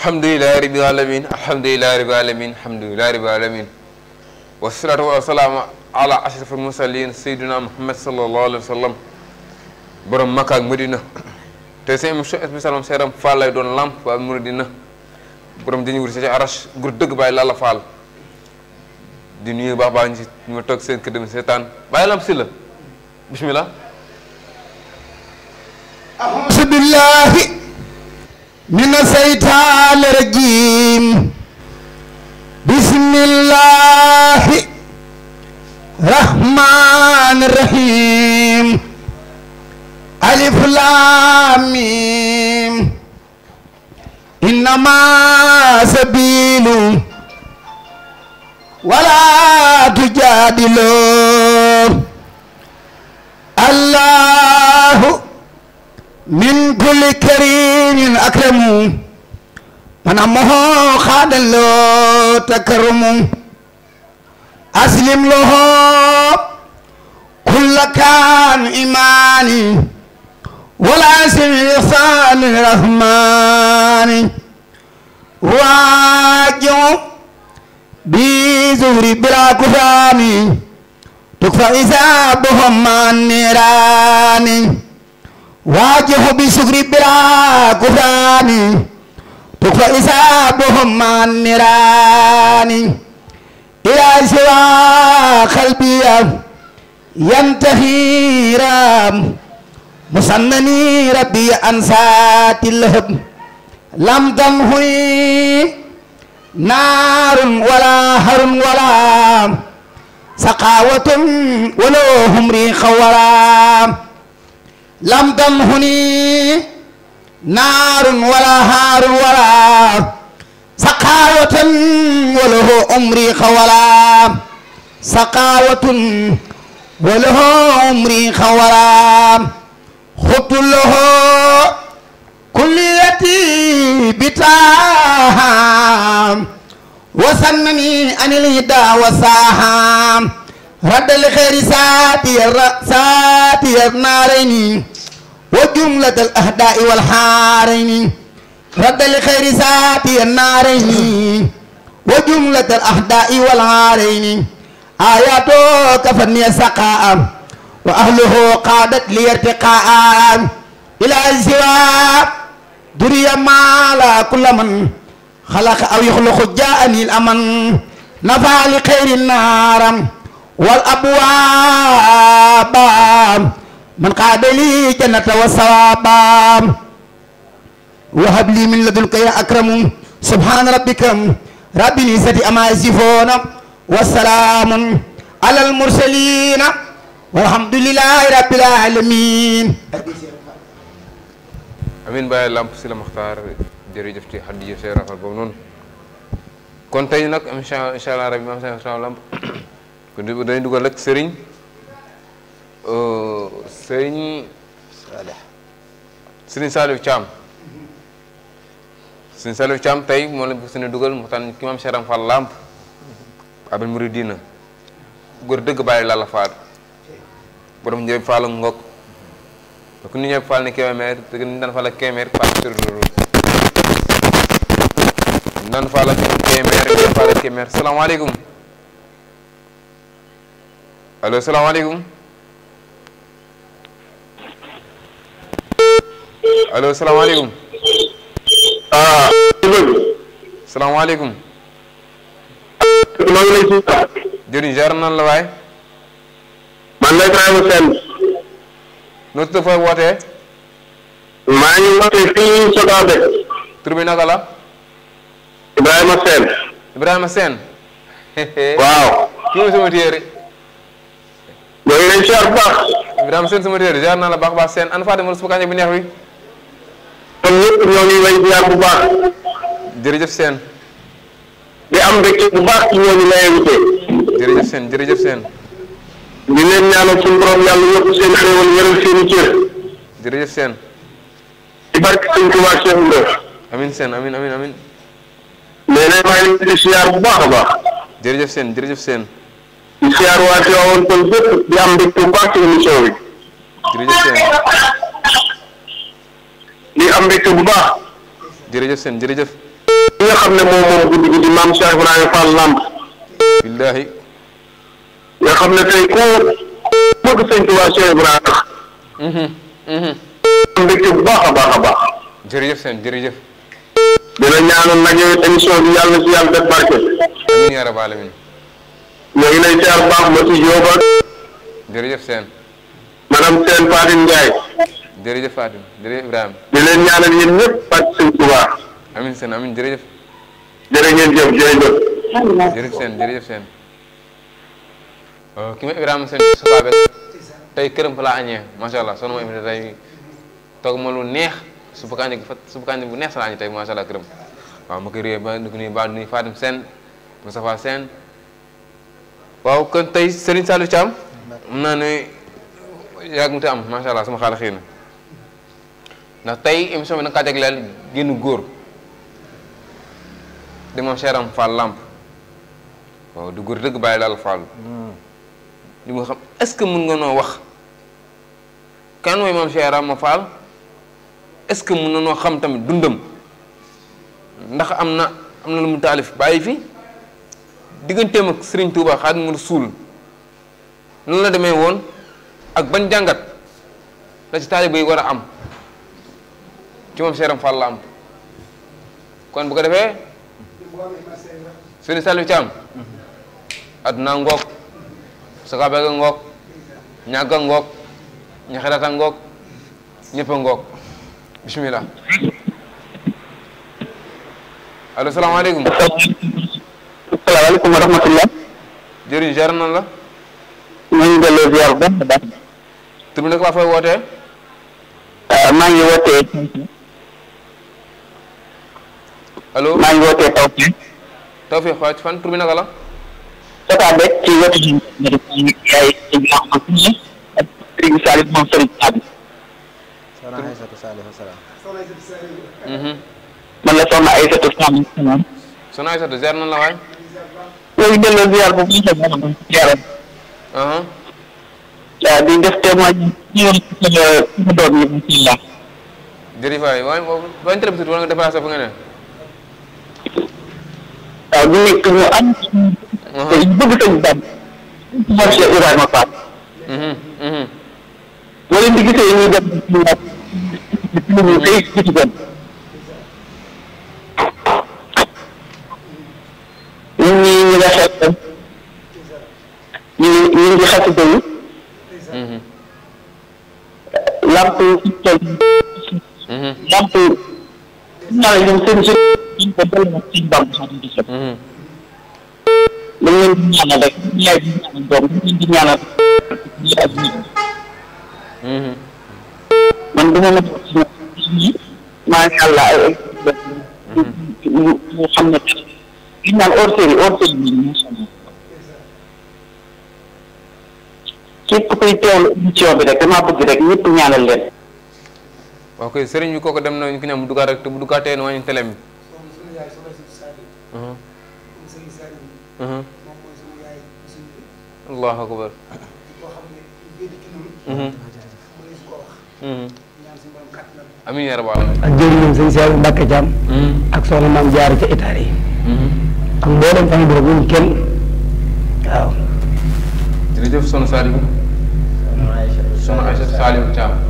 الحمد لله رب العالمين الحمد لله رب العالمين الحمد لله رب العالمين والصلاة والسلام على أشرف المرسلين سيدنا محمد صلى الله عليه وسلم برم مكة مدينة تسمى مشهد اسمه سلام سيرام فال يدون لام فال مدينة برم دنيا ورسالة أرش غردك باي لالا فال دنيا بابا نجت نمتوك سين كدم سيطان باي لام سيلا بسم الله أحمد الله من الشيطان الرجيم بسم الله الرحمن الرحيم ألف لام إنما سبيل ولا تجادلوا الله min kulli karimin akramu man ammoo xaadan loo takaramu aslim lahu kulla kaan imaani wala asim ihsaani rahmaani waajiu bi zuhri bila kufaani tukfa isabuhum man niraani واجه بشكر بلا كفران تكفى إسابهم مع النيران إلى سوى قلبي ينتهي رام مسنني ربي أنسات اللهب لم تنهي نار ولا هرم ولا سقاوة ولو هم ريخ ورام lam damhuni naarun wala haarun wala saqaawatan walahu umri xawala saqaawatun walahu umri xawala xuttu lahu kulliyati bitaaham wasannani anil hida wasaaham radda li xeeri saati saati naarayni وجملة الأهداء والحارين رد لخير ساتي النارين وجملة الأهداء والحارين آياته كفني سقاء وأهله قادت ليرتقاء إلى الزواء دري ما مالا كل من خلق أو يخلق جاءني الأمن نفع لخير النار والأبواب من قابلي جنة والثواب وهب لي من لدنك يا أكرم سبحان ربك رب العزة أما يصفون والسلام على المرسلين والحمد لله رب العالمين amin Baye Lamp si la Maxtaar jërëjëf ci xaddi see rafal boobu noonu kon tey nag incha allah rabi maam seen lamp dañuy dugal rek sëriñ sëriñ Salih sëriñ Salih Thiam sëriñ Salih Thiam tey moo la suñu dugal mu tànn ki maam Cheikh Ibra Fall làmp abel muridina góor dëgg bàyyi lalla faal borom njëriñ faal ak ngokk donc ni ñëpp faal ne kéeméer dëgg ni daan faal ak kéeméer faal sur loolu faal ak kéeméer daan faal ak kéeméer salaamaaleykum alo salaamaaleykum. ah. salaamaaleykum. maa ngi lay si. jërëjëf jaar nan la waay. man la Ibrahima Sène. noo tudd fooy wootee. maa ngi wootee fii Sodabe. tur bi naka la. Ibrahima Sène. Ibrahima Sène. waaw. kii mooy sama téere. maa ngi lay ziar bu baax. Ibrahima Sène sama téere ziar naa la baax baax Sène an faa demal suuf kañ bi neex wi ñoo ngi lay ziar bu baax. jërëjëf seen. di am mbégte bu baax ci ñooñu lay invité. jërëjëf seen jërëjëf seen. di leen ñaanal suñu borom yàlla yokk seen xéewal wéral seen i cër. jërëjëf seen. di barke sëñ Tuubaa Cheikh Ibrahima. amiin seen amiin amiin amiin. nee na maa ngi di ziar bu baax a baax. jërëjëf seen jërëjëf seen. di ziar di am mbégte bu li am mbégte bu baax. jërëjëf seen jërëjëf. li nga xam ne moom moom guddi guddi maam Cheikh Ibrahima Fall Lamp. billaahi. nga xam ne tey ku bëgg sëñ Tuubaa Cheikh Ibrahima. Mhm, mhm. am mbégte bu baax a baax a baax. jërëjëf seen jërëjëf. dina ñaanal nag yow émission bi yàlla na ci yàlla def barke. amiin yaa rabbal aalamiin. ñoo ngi lay jaar baax ma ci Jóoba. jërëjëf seen. madame Sène Fadine jërëjëf Fatim jërëjëf Ibrahim. di leen ñaanal yéen ñëpp Fatou Seye Touba. amiin seen amiin jërëjëf. jërë ngeen jëf jërëjëf. jërëjëf sen. jërëjëf seen. Euh, ki ma Ibrahima seen Sofa Bel tey këram fa laa añee macha allah soxna ma invité tey toog ma lu neex suba kànja gi fa suba kànja bu neex allah këram waaw ma koy ba di ko ba nuyu Fatim seen Moustapha seen waaw kon tey Serigne Saliou Thiam. am ne mu te am allah sama xaalis xëy ndax tey émission bi na kaa jagleel génn góor di moom Cheikh Ram Fall waaw du góor dëgg bàyyi laal Fall li hmm. nga xam est-ce que mën nga noo wax kan mooy moom Cheikh Ram Fall est-ce que mën na noo xam tamit dundam ndax am na am na lu mu taalif bàyyi fi digganteem ak Serigne Touba Xaadimu Rasuul noonu la demee woon ak ban jàngat la ci taalibe yi war a am ci mom seeram fàll am kon bu ko defee suñu sàllu ci am aduna ngoog sakabaga ngok ñaga ngok ñaxirata ngoog ñëpp a ngoog bismillah allo salaamaaleykum alaykum wa rahmatullah jëriñ jar nan la ñu ngi lay ziar bu baax a baax tur bi fay wootee eh, maa ngi wote allo maa ngi wootee Tawfekh. Tawfekh waaye fan tur bi naka la. Fapal rek ci wetu si ñoom ñoom yaay sëñ bi ak sëñ Salif moom Serigne Sadio. soxna Aïssatou Salif asalaam. Mhm. man la soxna Aïssatou Salif asalaam. soxna Aïssatou ziar nan la waay. loolu delloo ziar boobu ñu def moom ziaram. waaw di def témoignage ñu yor si sa doom yi incha allah. jërëjëf waay waaye boo interrompu tuuti wala nga déplacé fu nga ne. waaw ñu nekk ñu am. Mhm. te ñu bëgg sëñ Bamba. war Cheikh Ibrahima Fall. wala mhm, mhm. ñu gisee ñuy def ci ñoom. ci ñoom ñu koy gis benn. ñun ñii ñu ngi xasee ñu ñu naa ñoom seen seen ñu ko doon wax seen bàmm xam di jot. loolu leen di ñaanal rek yaay di ñaanal doom ñu leen di ñaanal yaay di ñaanal. man dama la toog ci ñoom ñii macha allah ay ñu xam ne li ñu naan hors série hors série bi macha allah. képp kuy teewlu émission bi rek damaa bëgg rek ñëpp ñaanal leen. waaw koy sëriñ bi kooku dem na ñu ko ñam duggaat rek te bu duggaatee nu wàññi teleem bi. allahu akbar. amiin yaa rabbal aalamiin. ak jëriñam sëñ Saliou Mbacke Thiam. Hmm. ak soxna maam jaar ca Italie. Hmm. ak mboolem famille bi rek kenn waaw. jërëjëf soxna Saliou. soxna Aïcha Saliou Thiam.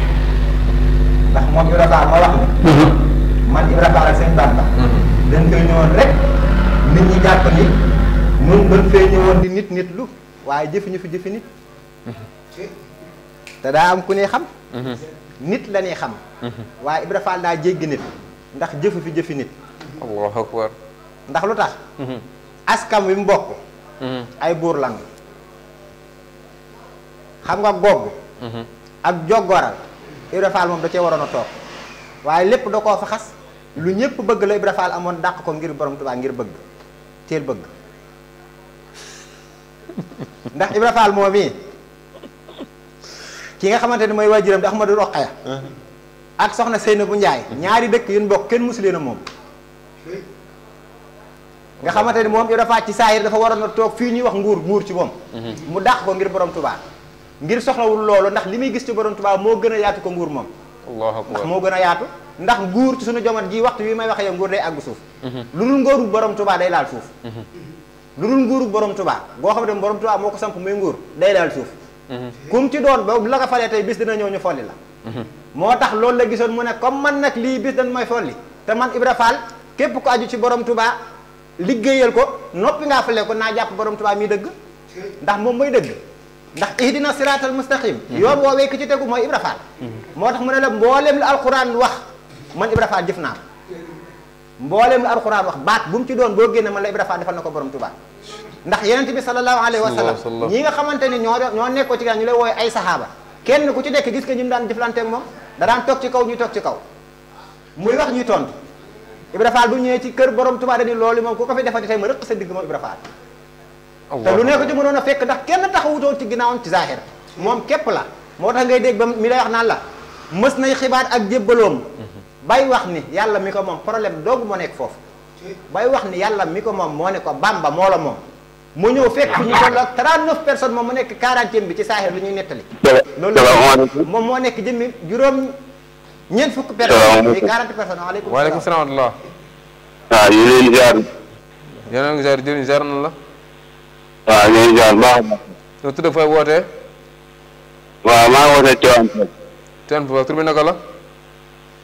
ndax moom rafa ma wax man man Ibrahima rek seen bàmba mhm. dañ koy ñëwoon rek nit ñi jàpp ni nun bañ fee ñëwoon di nit nit lu waaye ñu fi jëfi nit mhm. te daa am ku ne xam mhm. nit la ne xam waaye Ibra Fall daa jéggi nit ndax jëfu fi jëfi nit allahu akbar ndax lu tax askam wi mu bokk ay buur lang xam nga gogg ak joggoral Ibra moom da cee waroon a toog waaye lépp da koo fa lu ñëpp bëgg la Ibra amoon dàq ko ngir borom Tuubaa ngir bëgg teel bëgg ndax Ibra moom mii ki nga xamante ni mooy ma di Ahmadu Roqaya ak soxna Seynabu Njaay ñaari dëkk yu ñu kenn musu leen a moom nga xamante ni moom Ibra ci saayir dafa waroon a toog fii ñuy wax nguur nguur ci moom mhm. mu dàq ko ngir borom Tuubaa ngir soxlawul loolu ndax li muy gis ci borom Tuubaa moo gën a yaatu ko nguur moom ndax moo gën a yaatu ndax nguur ci suñu jamono ji waxtu wi may waxee yow nguur day àgg suuf mhm. lu dul nguuru borom tubaa day laal suuf mhm. lu dul nguuru borom tubaa goo xam ne borom Tuubaa moo ko samp muy nguur day daal suuf mhm. kum ci doon ba la ko falee tey bis dina ñëw ñu folli la moo tax lool la gisoon mu ne comme man nag lii bis dañ may folli te man Ibra Fall képp ko aju ci borom Tuubaa liggéeyal ko noppi ngaa fale ko naa jàpp borom Tuubaa mi dëgg ndax moom mooy dëgg ndax dina ihdina siraatal mustaqim mhm. yoon woowee ki ci tegu mooy Ibra Fall mhm. moo tax mu ne la mbooleem lu alquran wax man Ibra Fall jëf naa ko mbooleem lu alquran wax baat bu mu ci doon boo génne man la Ibra Fall defal na ko borom Tuubaa ndax yenent bi sallallahu alayhi wa sallam ñi nga xamante ni ñoo ñoo nekkoo ci gaa ñu lay wooye ay sahaaba kenn ku ci nekk gis nga ñu daan jëflante ak moom da daan toog ci kaw ñuy toog ci kaw muy wax ñuy tontu Ibra Fall bu ñëwee ci kër borom Tuubaa dani loolu moom ku ko te lu nekk ci mënoon a fekk ndax kenn taxawutoon ci ginnaawam ci zahir moom képp la moo tax ngay dégg ba mi lay wax naan la mës nay xibaar ak jébbaloom mhm. bay wax ni yàlla mi ko moom problème doogu moo nekk foofu bay wax ni yàlla mi ko moom moo ne ko bamba moo la moom mu ñëw fekk ñu toll ak 39 personnes moom mu nekk quarantième bi ci saaxir lu ñuy nettali loolu moom moo nekk jëmmi juróom ñeent fukk personnes muy 40 personnes waaleykum salaam waaleykum salaam wa rahmatulah a ngi ziar a ngi ziar jëriñ la waaw ñu ngi ziar baax na. soo tudd fooy wootee. waaw maa ngi wootee Tivaouane Peulh. Tivaouane Peulh tur bi naka la.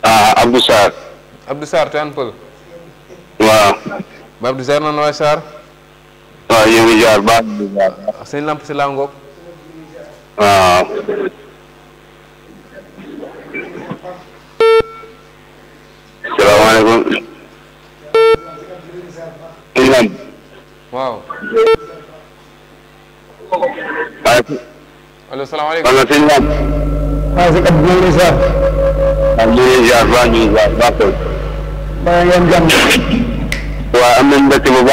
ah Abdou Sarr. Abdou Sarr Tivaouane ba Abdou Sarr nan waay Sarr. waaw ñu ngi ziar baax na. Ah, sëñ Lamp si laa ngoog. allo salaamaaleykum. allo sëñ Ba. maa ngi si ab góor yi sax. ak góor yi ziar baa ngi ziar baax kay. maa ngi am jàmm. waaw am nañ mbégte bu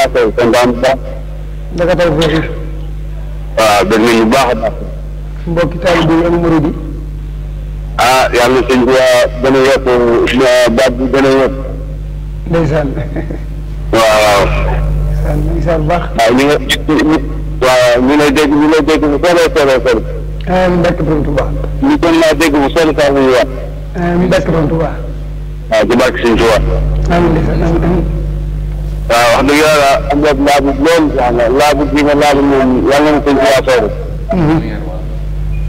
baax kay ah yàlla sëñ bi gën a yokk baat bi gën a yokk. ndeysaan. waaw ñu lay dégg ñu lay dégg bu soobee soobee soobee. Euh, mbekk borom Tuubaa. ñu gën laa dégg bu soobee saa suñu wax. mbekk borom Tuubaa. waaw ci barke Sëñ Tuubaa. amiin amiin. waaw wax dëgg yàlla am na laabu lool laabu ji ma laabu moom yàlla na Sëñ Tuubaa soobee. Mm-hmm.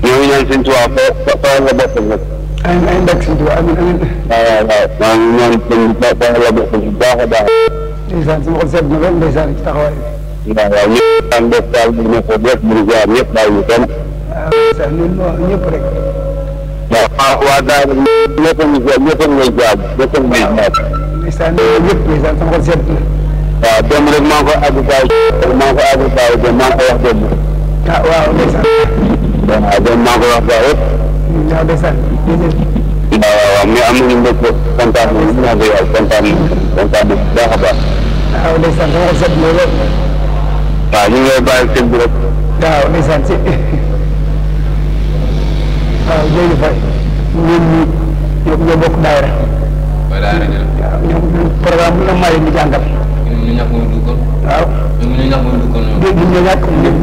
ñoo ngi ñaan Sëñ Tuubaa foo foo la bokkul nag. amiin amiin mbekk Sëñ Tuubaa amiin amiin. waaw waaw waaw maa ngi ñaan Sëñ Tuubaa foo la bokkul bu baax a baax. ndeysaan sama xol sedd na lool ndeysaan ci taxawaay bi. waaw ñëpp daal mbokk daal bu nekk bépp bu jaar ñëpp daal ñu kenn. waaw sax ñun moo ñëpp rek. waaw waaw waa daal ñëpp a ngi jaar ñëpp a ngi jaar ñëpp a ngi jaar. ndeysaan ñëpp ndeysaan sama xol seet na. waaw Udah rek maa ngi ko àgg baaw maa ngi ko àgg baaw Udah maa ngi ko wax démb. ah waaw ndeysaan. waaw dem maa ngi ko wax baaw yëpp. waaw ndeysaan jërëjëf. waaw waaw waaw mais am nañu mbokk kontaan nañu ñu ngi kontaan nañu kontaan nañu baax a baax. waaw ndeysaan sama xol seet na lool. waaw ñu ngi lay bàyyi sëñ bi rek. waaw ndeysaan si waaw jërëjëf waay ñoom ñoom ñoo bokk daayira. waaw ñoom programme bi maa leen di jàngal. ñu ñàkk moom du ko. waaw ñu ñàkk moom du ko ñoom. dégg nga ñàkk moom ñëpp.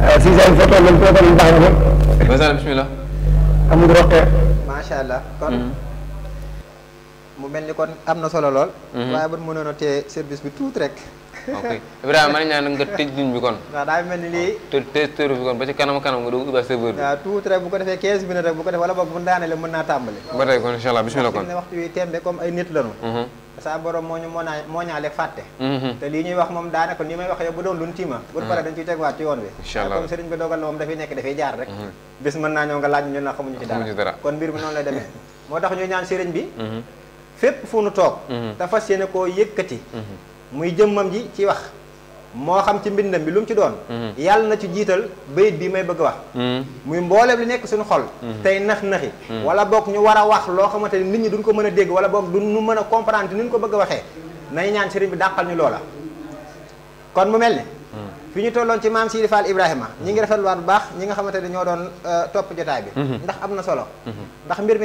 waaw si saa yu fa toll baax na lool. wasalaam bisimilah. amul roqee. macha allah kon. Mhm. mu mel ni kon am na solo lool. Mhm. waaye ba mënoon a téye service bi tuuti rek. ok Ibrahima ma ne ñaan nga tëj ligne bi kon. waaw daa mel ni lii. te tëj tër bi kon ba ci kanam kanam nga doog ubbi serveur bi. waaw tuuti rek bu ko defee 15 bi inchallah comme sëriñ bi moom dafay nekk dafay jaar rek mhm. bis mën naa ñëw nga laaj ñu ne xamuñu ci dara kon mbir mi noonu lay demee moo tax ñuy ñaan sëriñ bi mhm. fépp fu nu toog mhm. te fas yéene koo yëkkati muy jëmmam ji ci wax moo xam ci mbindam bi lu mu ci doon mm-hmm. yàlla na ci jiital bayit bi may bëgg a wax mm-hmm. muy mbooleem li nekk suñu xol mm-hmm. tey nax-naxi wala boog ñu war a wax loo xamante ni nit ñi duñ ko mën a dégg wala du duñu mën a comprendre te ni ñu ko bëgg a waxee nay ñaan sëriñ bi dàqal ñu loola kon mu mel ni fi ñu tolloon ci maam Sidi Fall Ibrahima ñi ngi rafetluwaat bu baax ñi nga xamante ne ñoo doon euh, topp jotaay bi ndax am na solo ndax mbir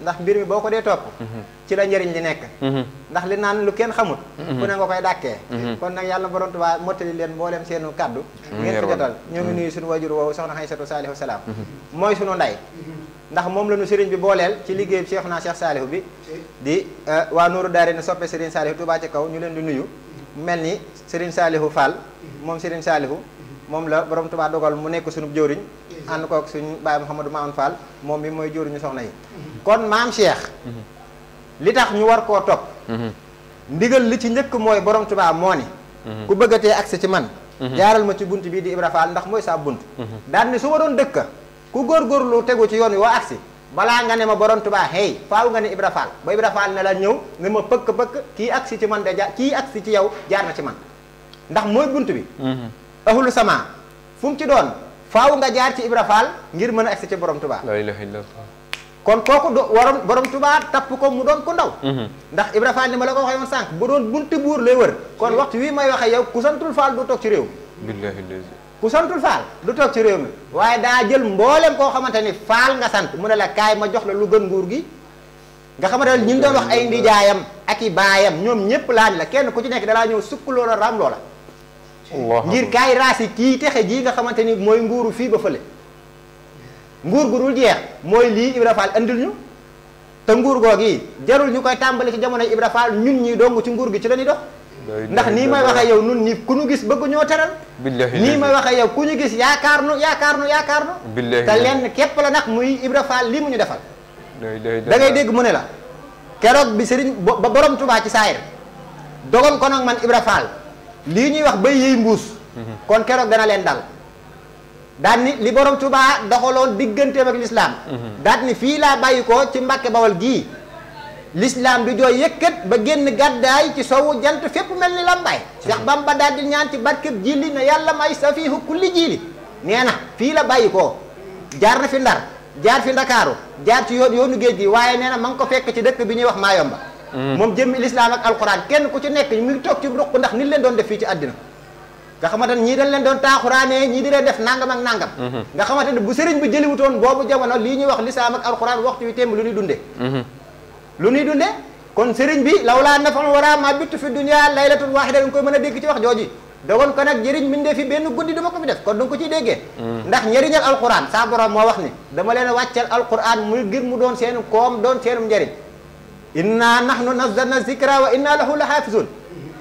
ndax mbir mi boo ko dee topp mhm. ci la njëriñ li nekk mhm. ndax li naan lu kenn xamut mhm. ku ne nga koy dàkkee kon nag yàlla borom Tuubaa mottali leen mboolem seenu kaddu ngeen fi jotal ñoo ngi nuyu suñu wajur woowu soxna Aysatu Saalihu Salaam mooy sunu nday ndax moom la ñu sëriñ bi booleel ci liggéey Cheikh naa seex Saalihu bi di euh, waa Nuuru Daari ne soppe sëriñ Saalihu Tuubaa ci kaw ñu leen di nuyu mel ni sëriñ Saalihu Fall moom sëriñ Saalihu moom la borom Tuubaa dogal mu nekk suñu jëwriñ ànd kook suñu Baye Mouhamadou Mamoun Fall moom mi mooy jëwriñu soxna yi kon maam Cheikh li tax ñu war koo topp ndigal li ci njëkk mooy boroom tubaa moo ni ku bëggatee accès ci man jaaral ma ci bunt bii di Ibra Fall ndax mooy sa bunt daan ni su ma doon dëkka ku góorgóorlu tegu ci yoon wi waa agsi balaa nga ne ma borom Tuubaa hey faaw nga ne Ibra Fall ba Ibra Fall ne la ñëw ne ma pëkk-pëkk kii agsi ci man de jaar kii agsi ci yaw jaar na ci man ndax mooy bunt bi ahlu sama fu mu ci doon faaw nga jaar ci Ibra Faal ngir mën a agsi ci borom Tuubaa la ilaha kon kooku do waroon borom Tuubaa tapp ko mu doon ku ndaw mhm. ndax Ibra Faal ni ma la ko waxee woon sànq bu doon bunt buur lay wër kon waxtu wii may waxee yow ku santul Faal du toog ci réew billahi ku santul faal du toog ci réew mi waaye daa jël mboolem koo xamante ni faal nga sant mu ne la kaay ma jox la lu gën nguur gi nga xamante ne ñu ngi doon wax ay ndijaayam ak i baayam ñoom ñëpp laa la kenn ku ci nekk dalaa ñëw sukk loola ram loola ngir gaay raas yi kii texe jii nga xamante ni mooy nguuru fii ba fële nguur gu dul jeex mooy lii Ibra Fall andil ñu te nguur googi jarul ñu koy tàmbali ci jamono Ibra Fall ñun ñi dong ci nguur gi ci la ñuy dox ndax nii may waxee yow nun nii ku ñu gis bëgg ñoo teral nii may waxee yow ku ñu gis yaakaar nu yaakaar nu yaakaar nu te lenn képp la nag muy Ibra Fall lii mu ñu defal dangay dégg mu ne la keroog bi sëriñ ba borom Tuubaa ci saayir dogal kon nag man Ibra li ñuy wax bay yey mbuss mhm. kon kérok dana len dal dal ni li borom Tuubaa doxalon digganteem ak l'islam mhm. dal ni fi la bayiko ko ci Mbàkke bawal gi l'islam du joy yëkkat ba génn gaday ci sowu jant fépp ni Cheikh mhm. Bamba dal di ñaan ci barkeb jili na yalla may safihu kulli jili neena fi la bayiko ko jaar na fi Ndar jaar fi dakaru jaar ci yoon yoonu geejgi waye neena mang ko fekk ci dekk bi ñuy wax mayomba Mm. moom jëmmi lislaam ak alxuraan kenn ku ci nekk mu ngi toog ci ruq ndax nit leen doon def fii ci àddina nga xamante ne ñii dañ leen doon taaxuraanee ñii di leen def nangam ak nangam mm-hmm. nga xamante bu sëriñ bi jëliwutoon boobu jamono lii ñuy wax lislaam ak alxuraan waxtu wi téem lu ñuy dunde mm-hmm. lu ñuy dunde kon sëriñ bi lawlaa nafam waraa maa bittu fi dunya laylatul waahida dañ koy mën a dégg ci wax jooji dogon ko nag jëriñ min dee fi benn guddi duma ko fi def kon du ko ciy déggee mm. ndax njëriñal alquran saa borom moo wax ni dama leen a wàccal alquran mu ngir mu doon seenu koom doon seenum njëriñ inna nahnu nazzalna zikra wa inna lahu la xaafizun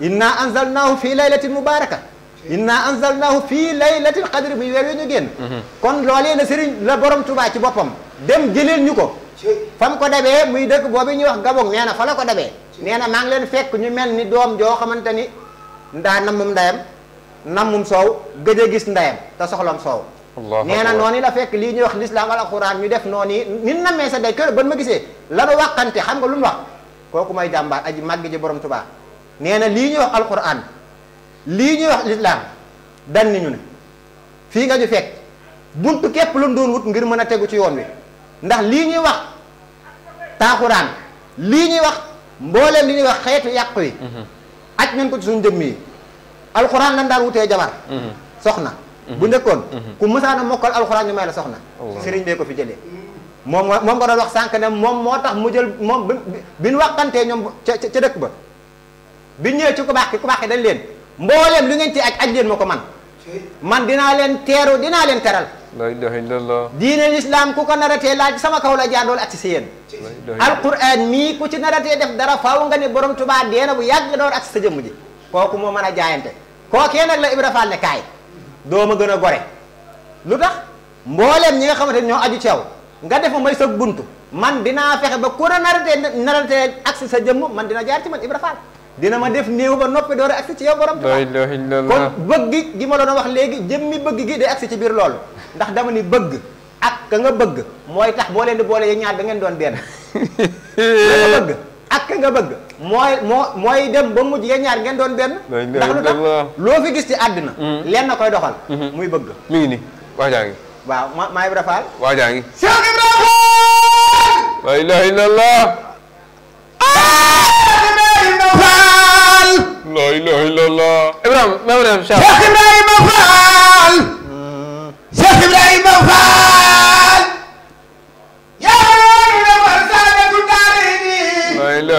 inna anzalnahu fi laylatin mubaraka inna anzalnahu fii laylatil qadri muy weer yu ñu génn mhm. kon loolee la sëriñ la borom tubaa ci boppam dem jëlil ñu ko fam ko dabee muy dëkk boobu ñuy wax gabog nee na fa la ko dabee nee na maa ngi leen fekk ñu mel ni doom joo xamante ni ndaa nammum ndayam nammum soow gëj a gis ndayam te soxlam soow nee na noonu la fekk lii ñuy wax lislaam al alquran ñu def noonu yi nin na mee sa day kër ban ma gisee la lanu waxante xam nga lu mu wax kooku may jàmbaar aji màgg ji borom tubaa nee na lii ñuy wax alquran lii ñuy wax lislaam dan ni fii nga ñu fekk buntu képp lu doon wut ngir mën a tegu ci yoon wi ndax lii ñuy wax taaxuraan lii ñuy wax mbooleem li ñuy wax xeetu yàqu yi mhm. aj nañ ko ci suñu jëmm yi alxuraan lan daan wutee jabar mhm. soxna bu njëkkoon ku mësaan a mokkal alxuraan ñu may la soxna sëriñ bee ko fi jëlee moom moom nga doon wax sànq ne moom moo tax mu jël moom bi ñu waxantee ñoom ca ca dëkk ba bi ñëwee ci ku baax ki ku baax ki dañ leen mbooleem lu ngeen ci aj aj leen ma ko man man dinaa leen teeru dinaa leen teral la ilaha illallah diine lislaam ku ko naratee laaj sama kaw la jaadool ak si si yéen alquran mii ku ci nara naratee def dara faaw nga ne borom tubaa deena bu yàgg door ak si sa jëmm ji kooku moom mën a jaayante koo nag la Ibra Fall ne kaay doo ma gën a gore lu tax mbooleem ñi nga xamante ñoo aju ceew nga def ma may sa bunt man dinaa fexe ba ku a narate narate agsi sa jëmm man dina jaar ci man Ibra Fall dina ma def néew ba noppi door a agsi ci yow borom Tuubaa kon bëgg gi ma doon wax léegi jëmmi bëgg gi day agsi ci biir loolu ndax dama ni bëgg ak ka nga bëgg mooy tax boo leen di boole ya ñaar da ngeen doon benn ka ak ka nga bëgg mooy moo mooy dem ba mujj yéen ñaar ngeen doon benn. loo fi gis ci àddina. Mm. lenn na koy doxal. Mm-hmm. muy bëgg. mi ngi nii waa jaa ngi. waaw ma maa Ibra Fall. waa jaa ngi. Cheikh Ibrahima. la ilaha illallah. Ibrahima Fall. la ilaha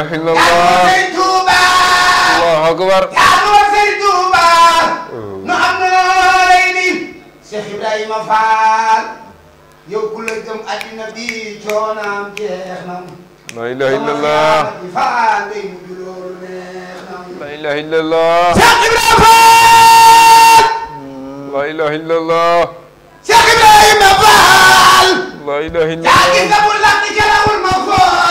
إله إلا الله الله أكبر شيخ إبراهيم فال يو كل الله لا إله إلا الله لا إله إلا الله فال دي الله لا إله إلا الله شيخ إبراهيم الله لا إله إلا الله شيخ إبراهيم الله لا إله إلا الله يا جنب الله الله والمفوت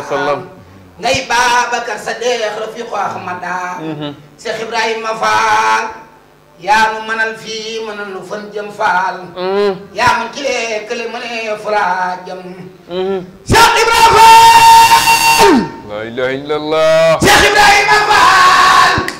salaam ngay Babacar Sadikh rafiqu Ahmada Cheikh Ibrahima Fall mhm. yaa nu mënal fii mënal nu fan jëm Fall mhm. yaa man kilee kële mëne fura jëm mhm. Cheikh Ibrahima Fall la ilaha illallah Cheikh Ibrahima Fall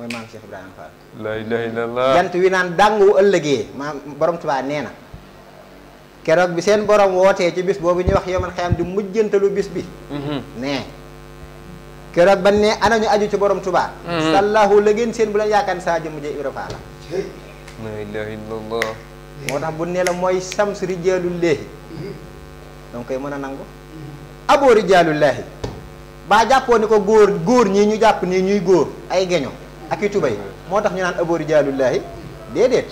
moy mang Cheikh ibrahim Fall. la ilaha illallah jant wi nan dangu wu ëllëgee borom tuba nee kérok bi seen borom wootee ci bis bobu ñu wax yoman xayam di mujjantalu bis bi. Mhm. nee kérok ban ne ana ñu aju ci borom tuba mhm. sallahu legen ngeen seen bu la yakkan sa jëm je jëy Ibrahima Fall. la ilaha illallah. moo tax bu ne moy shams sams rijaalul donc mhm. kay mën nangu. abu rijaalul leehi. baa jàppoon ko gor gor ñi ñu japp ni ñuy gor ay geño ak i moo tax ñu naan abori jaalullaahi déedéet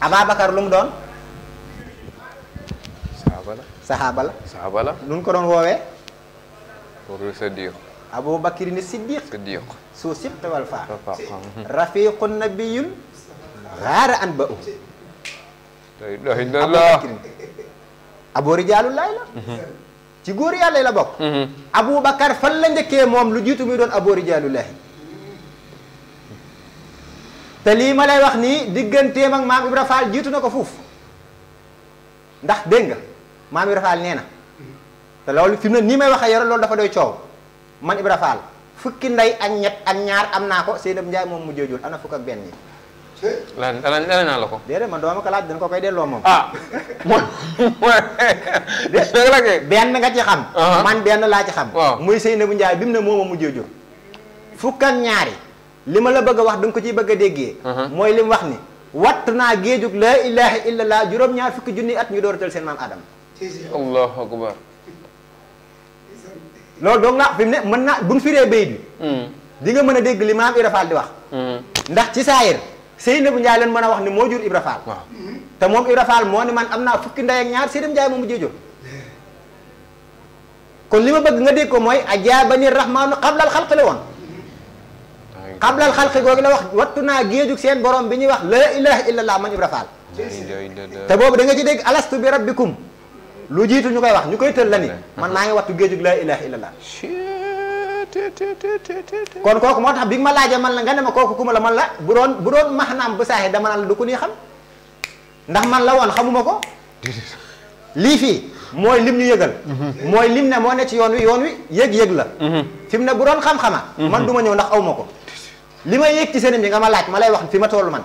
Ababacar lu mu doon. saxaaba la saxaaba ko doon woowee. pour Siddiq. Aboubacar ni Siddiq. Siddiq suu sibqi wal faa. rafiqun nabiyun xaara an ba u. aboori jaalullaahi la. Mhm. ci góor yàlla la bokk. Mhm. Aboubacar fan la njëkkee moom lu jiitu muy doon aboori jaalullaahi te li ma lay wax ni digganteem ak mam Ibra Fall jitu nako fuf ndax deeng nga Ibra Fall nee na te loolu fi mu ne may waxe yara lolou dafa doy ciow man Ibra Fall fukki nday ak ñet ak ñaar amna ko Seydou Ndiaye mom mu jëjul ana fuk ak ben ni lan lan lan na lako dede man ko laaj ko koy delo mom ah mooy mooy. dégg nga ci xam. Uh-huh. man ben la ci xam. muy Seydou Ndiaye bimne mu mu jëjul fuk ak ñaari li ma la bëgg a wax da ko ciy bëgg a déggee. Uh-huh. mooy li mu wax ni watt naa géejug laa ilaha illallah juróom-ñaar fukki junni at ñu dooratal seen maam Adam. allahu akbar. loolu doog naa fi ne mën naa bu ñu firee béy bi. Hmm. di nga mën a dégg li maam Ibra Fall di wax. Hmm. ndax ci saayir bu Ndiaye leen mën a wax ni moo jur Ibra Fall. waaw te moom Ibra Fall moo ni man am naa fukki ndey ñaar Seynabou Ndiaye moomu mujjee jur. kon li ma bëgg nga dégg ko mooy ajaabani rahmaanu qabla al xalqi la woon. xablal xalqi googu la wax wattu naa géejug seen borom bi ñuy wax laa ilaha illallah man Ibra Faal te boobu da nga ci dégg alastu bi rabbikum lu jiitu ñu koy wax ñu koy tël ni man naa ngi wattu géejug laa ilaha illallah kon kooku moo tax bi ma laajee man la nga ne ma kooku kuma la man la bu doon bu doon maxnaam bu saaxee dama naan la du ko nii xam ndax man la woon xamuma ko lii fii mooy lim ñu yëgal mooy lim ne moo ne ci yoon wi yoon wi yëg-yëg la mhm. fi mu ne bu doon xam-xama mhm. man du ma ñëw ndax awma ko lima yek ci serigne bi nga ma laaj ma lay wax fi ma tollu man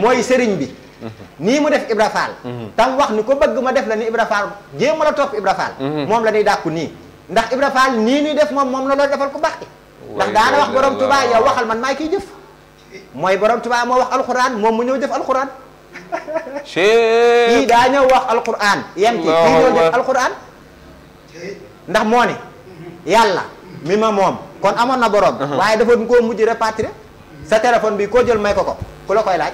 moy serigne bi mhm. ni mu def Ibra fall mhm. tam wax ni ko bëgg ma def la ni Ibra fall jéem la top Ibra fall mom mhm. la ñuy dàkku ni ndax Ibra fall ni ni def mom mom la lo defal ku baax ndax na wax borom Tuubaa ya waxal man may ki jëf moy borom Tuubaa mo wax alquran mom mu ñëw jëf alxuraan yi da ñëw wax alquran yem ci kii jëf ndax mo ni yalla mima mom kon amoon na borom. Uh-huh. waaye dafa koo mujj répartir sa téléphone bi ko jël may ko ko ku la koy laaj.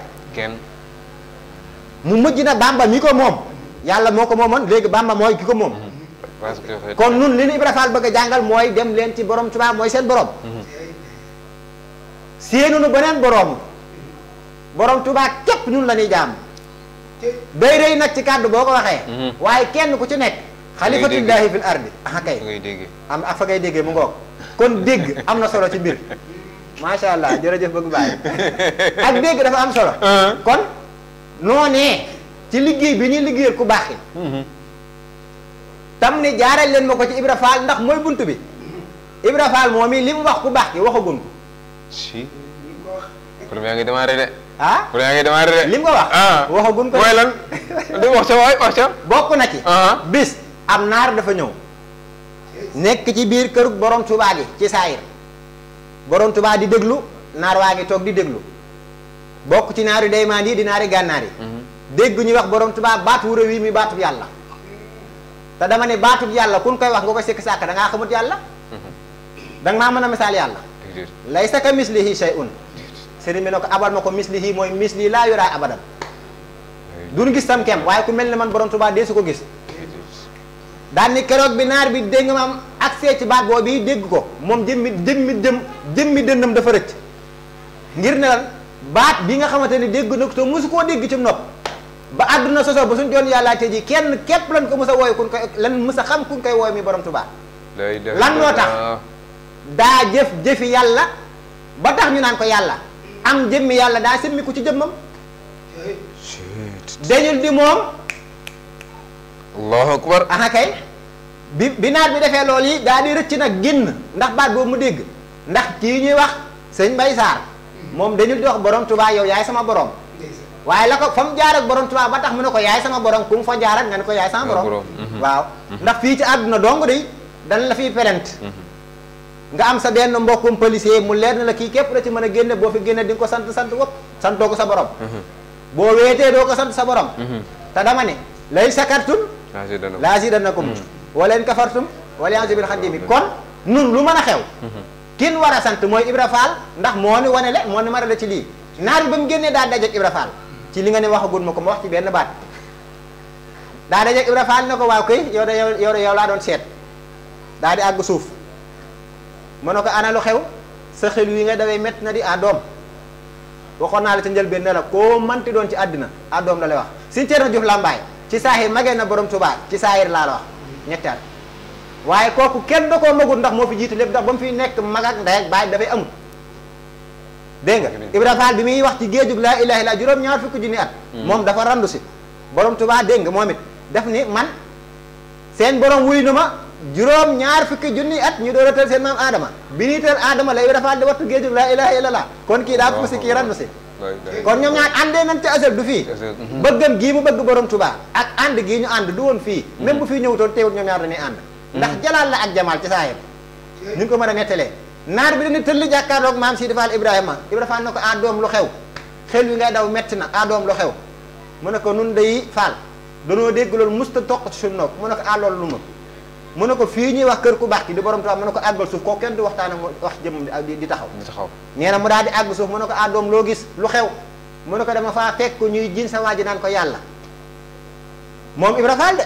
mu mujj na bàmba mi ko moom yàlla moo ko moomoon léegi bàmba mooy ki ko moom. Uh-huh. kon nun li ñu Ibra bëgg a jàngal mooy dem leen ci borom Tuubaa mooy seen borom. Uh-huh. seenu nu beneen borom borom Tuubaa képp ñun la ñuy jaam. day rëy nag ci kàddu boo ko waxee. waaye kenn ku ci nekk. xalifatullaahi fil ardi. am ak fa ngay déggee mu ngoog. kon dégg am na solo ci mbir macha allah jërëjëf bëgg bàyyi ak dégg dafa am solo. Ah. kon noonee ci liggéey bi ñuy liggéeyal ku baax yi mm-hmm. tam ne jaaral leen ma ko ci Ibra Fall ndax mooy bunt bi Ibra Fall moom i li mu wax ku baax ki waxagun ko. si. problème yaa ngi démarré de. ah problème yaa ngi démarré ah. ko wax. waxagun ko mooy lan. wax ca bokk na ci. Ah. bis am naar dafa ñëw. nekk ci biir kër borom tubaa gi ci saayir borom tubaa di déglu naar waa ngi toog di déglu bokk ci naari daymaan yi di naari gànnaar yi mhm. dégg ñuy wax borom tubaa baat wu réew yi muy baatub yàlla te dama ne baatub yàlla kun koy wax nga ko sikk sàkk da ngaa xamut yàlla mhm. da nga maa mën a misaal yàlla lay sa ka mislihi shay'un sëriñ bi ne ko abal ma ko mislihi mooy misli laa yuraa abadan duñ gis sam kem waaye ku mel ne man borom tubaa dee su ko gis daan ni keroog bi naar bi dégg ma am accès ci baat boobu bi dégg ko moom jëmmi jëmmi jëm jëmmi dënnam dafa rëcc ngir ne lan baat bi nga xamante ni dégg na ko te mosu koo dégg ci nopp ba àdduna sosoo ba suñ joon yàllaa te ji kenn képp lan ko mës a wooy kun koy lan mës a xam kun koy wooy mi borom Tuubaa lan noo tax daa jëf jëfi yàlla ba tax ñu naan ko yàlla am jëmmi yàlla daa semmi ci jëmmam dañul di moom allahu akbar bi bi naat bi defee loolu yi daa di rëcc nag génn ndax baat boobu mu dégg ndax kii ñuy wax sëñ Mbay Saar moom dañu dox borom Tuubaa yow yaay sama borom waaye la ko fa mu jaar ak borom ba tax mu ne ko yaay sama borom ku mu fa jaar nga ne ko yaay sama borom mhm. waaw mhm. ndax fii ci àdduna dong day la fiy perent mhm. am sa benn mbokkum policier mu leer na la kii képp da ci mën a génne boo fi génne di ko sant sant wëpp sant ko sa borom boo weetee doo ko sant sa borom te dama ne lay sakartun laa si dana ko walen kafartum wal a'udhu bil khadim kon nun lu meuna xew kin wara sant moy Ibra Fall ndax mo ni wonele mo ni marale ci li nar bi ba mu génnee daa dajeeg Ibra Fall ci li nga ni waxagul mako ko wax ci ben baat daa dajeeg Ibra Fall nako waaw koy yow da yow yow la don set da di ag suuf monoko ana lu xew sa xel wi nga dawe met na di adom ah, waxo na la ci ndjel ben la koo manti don ci adina adom ah, la lay wax na ci sahir magena borom tuba ci sahir la la wax ñetti at waaye kooku kenn da koo magut ndax moo fi jiitu lépp ndax ba fi nekk mag ak ndey ak baay dafay amul dégg nga Ibrahima Fall bi muy wax ci géejug laa ilaaha illa juróom ñaar fukki junni at hmm. moom dafa randu si borom Tuubaa dégg nga moom it daf ni man seen borom wuy na ma juróom ñaar fukki junni at ñu dooratal seen maam Adama bi ñuy Adama la Ibrahima Fall di wattu géejug laa ilaaha la laa kon kii daa ko kii randu si kon ñoom ñaar àndee nañ ca asal du fii mhm. bëggam gii mu bëgg borom tubaa ak ànd gii ñu ànd du woon fii mhm. même bu fii te teewul ñoom ñaar dañuy ànd mhm. ndax jalaal la ak jamaal ci saayam ñu ko mën a nettalee naar bi dañu tëll jàkkaarloog maam Sidi Fall Ibrahima Ibra Fall na ko ah doom lu xew xel wi ngay daw metti na ah doom lu xew mu ne ko nun day Fall danoo dégg loolu musta toq ci suñu nopp mu ne ko ah loolu lu ma munako fi ñi wax kër ku bax ki di borom tubaab munako ne suuf ko kenn di waxtaan ak wax jëm di taxaw taxaw nee mu daal di àgg suuf munako adom ah, lo gis lu xew munako dama faa fekk ñuy jinn sa waji naan ko yalla mom Ibra Fall de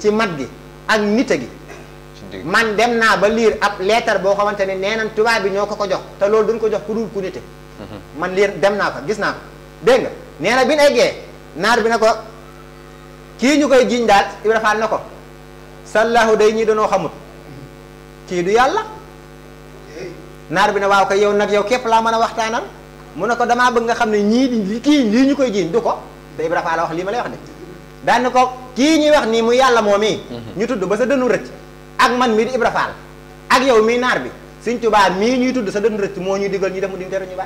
ci mag gi ak nite gi man dem na ba lire ab lettre bo xamanteni ne tuba bi ñoko ko jox te loolu duñ ko jox ku dul ku nite mhm. man lire dem na ko gis na de nga neena na bi nar bi nako ki jinn daal Ibra Fall sallahu day ñi dañu xamut kii du yalla, nar bi na waaw ko yow nak yow kep la mëna a waxtaanal mu ne ko dama bëgg nga xamne ñi di ki li ñu koy jiiñ du ko te Ibra Faal la wax li ma lay wax de daan ko ki ñi wax ni mu yalla momi mhm. ñu tuddu ba sa dënnu recc ak man mi di Ibra ak yow mi nar bi seigne touba mi ñuy tuddu sa recc mo ñuy diggal ñi dem di teru ñu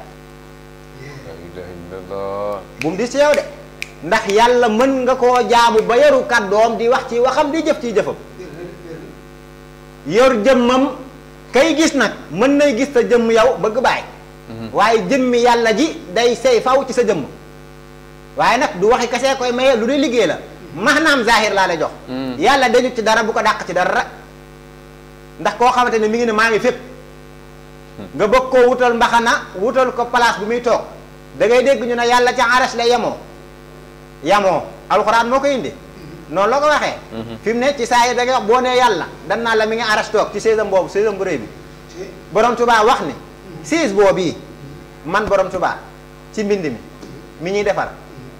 bu di ci yow de ndax yalla mën nga ko jaamu ba yaru kaddoom di wax ci waxam di jëf ci jëfam yor jëmmam kay gis nag mën nay gis sa jëmm yow bëgg bàyyi mhm. waaye jëmmi yàlla ji day sey faw ci sa jëmm waaye nag du waxi kase koy maye lu dee liggéey la maanaam zahir laa la jox mhm. yàlla dañu ci dara bu ko dàq ci dara ndax koo xamante ne mi ngi ne maa ngi fépp mhm. nga bëgg koo wutal mbaxana wutal ko place bu muy toog dangay dégg ñu ne yàlla ca aras la yemoo yemoo alxuraan moo ko indi noonu la ko waxee mhm. fi mu ne ci saa yi da wax boo nee yàlla dan naa la mi ngi aras ci saison boobu saison bu rëy bi borom tubaa wax ni mhm. siis boobu yi man borom tubaa ci mbind mi mi ñuy defar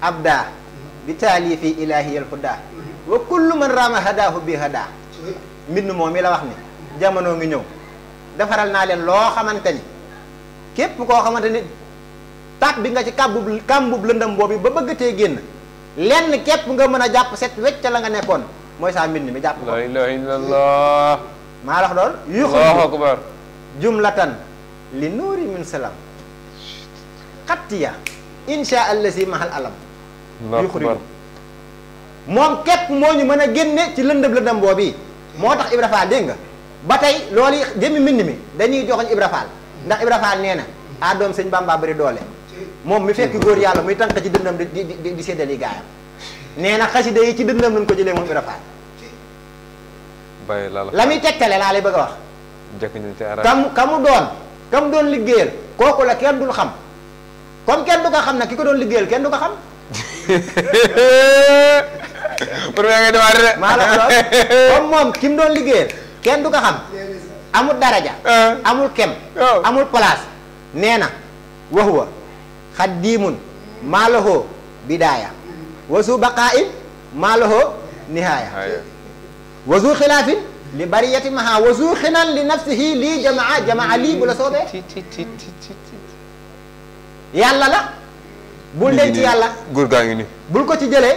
abda mhm. bi taalifi ilaahiyal huda wa kullu man rama hadaahu bi hadaa mbind moom mi la wax ni jamono ngi ñëw defaral naa leen loo xamante ni képp koo xamante ni tab bi nga ci kàmbub kàmbub lëndëm boobu ba bëggatee génn lenn kep nga meuna japp set wecc la nga kan nekkoon mooy min mbind mi japp ko la ilaha illallah maa lax doon yuxallahu akbar jumlatan li nuri min salam qatiya insha allazi mahal alam yuxriju moom képp moo ñu mën a ci lëndëm la boobu moo motax ibrafa de nga batay loli loolu jëmmi mbind mi dañuy joxoñ ibrafa ndax ibrafa neena nee Bamba bari dole mom mi fekk góor yalla muy tank ci dëndam di di di séddali gaayam nee na yi ci dëndam lañ ko jëlé mom Ibra Faal. bàyyi la la mi tegtale la lay bëgg wax jëk ñu ci ara kam ka doon kam doon liggéeyal koku la kenn dul xam comme kenn du ko xam nak kiko doon liggéeyal kenn du ko xam. pour yaa ngi demaat de. maa la comme mom kim doon liggéeyal kenn du ko xam. amul daraja. Ah. amul kem. Oh. amul place néna wa huwa xaddiimun maa lahoo bidaaya wasu baqaa'in maa lahoo nihaaya wasu xilaafin li bariyati maha wasu xinan li nafsihi lii jamaa jamaa lii bu la soobee yàlla la bul denc yàlla góor gaa bul ko ci jëlee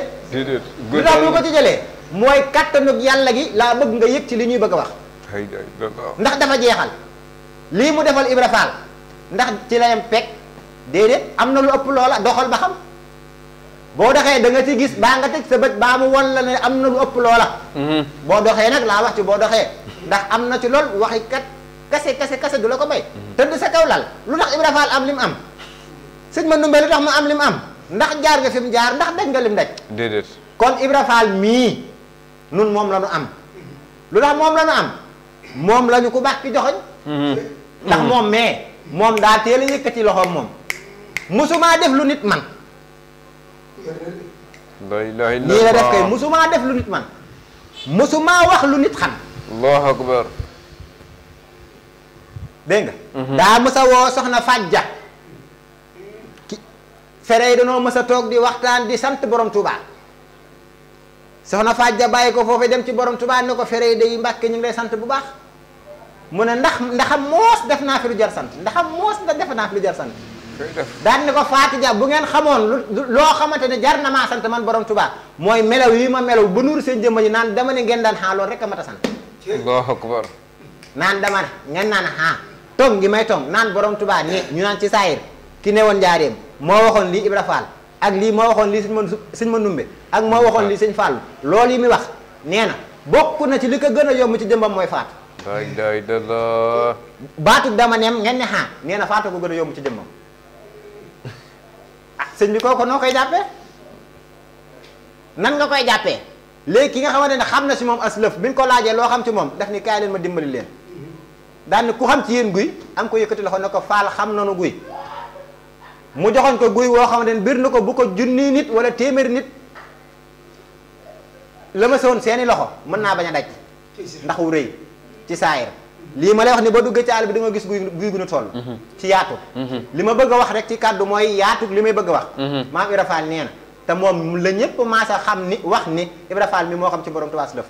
lu tax bul ko ci jëlee mooy kattanug yàlla gi laa bëgg nga yëg ci li ñuy bëgg a wax ndax dafa jeexal lii mu defal Ibra Fall ndax ci layam pekk déedéet am na lu ëpp loola doxal ba xam boo doxee da nga ci gis baa nga teg sa bët baa mu won la ne am na lu ëpp loola mm-hmm. boo doxee nag laa wax ci boo doxee ndax am na ci lool waxi kat kase kase kase du la ko may mm-hmm. tëdd sa kaw lal lu tax Ibra Fall am li mu am sëñ ma numbe lu tax mu am lim am ndax jaar nga fi mu jaar ndax daj nga lim daj déedéet kon Ibra Fall mii nun moom la ñu am lu tax moom la ñu am moom lañu ñu ku baax ki joxoñ mm-hmm. ndax moom mais moom daa teel a yëkkati loxoom moom musuma def lu nit man nii la def kay musuma def lu nit man musuma wax lu nit xam allah akbar denga mhm. da musa wo soxna fàjja fere yi dañoo mësa di waxtan di sante borom touba soxna fàjja bayiko fofé dem ci borom touba ne ko day mbàkke ñu ngi lay bu baax mune ndax ndax mos fi lu jar def fi lu jar sante daan ne ko Fatou Dia bu ngeen xamoon lu loo xamante ne jar na maa sant man borom Touba mooy melaw yi ma melaw ba nuur seen jëmma ji naan dama ne ngeen daan xaa loolu rek a mat a sant allahu akbar naan dama ne ngeen naan xaa tong gi may naan borom Touba ne ñu naan ci saayir ki ne woon njaareem moo waxoon lii ak lii moo waxoon lii suñ ma suñ ma numbe ak moo waxoon lii sëñ Fall loolu yi muy wax nee na bokk na ci li ko gën a yomb ci jëmbam mooy faatu. day day da la. baatu dama neem ngeen ne xaa nee na faatu ko gën yomb ci jëmbam. sëñ bi kooku noo koy jàppee nan nga koy jàppee léegi ki nga xamante ne xam na si moom aslëf bi ñu ko laajee loo xam ci moom daf ni kaay leen ma dimbali leen daan ni ku xam ci yéen guy am ko yëkkati loxo ne ko faal xam nanu guy mu joxoon ko guy woo xamante ne biir na ko bu ko junni nit wala téeméeri nit la sewoon seeni loxo mën naa bañ a daj ndax wu rëy ci saayir lii ma lay wax ni boo duggee ci àll bi di gis guy guy gu nu toll mhm. ci yaatu mhm. li ma bëgg a wax rek ci kàddu mooy yaatu li may bëgg a wax mhm. maam Ibra Fall nee te moom la ñëpp maasa xam ni wax ni Ibra Fall mi moo xam ci borom Tuubaa si def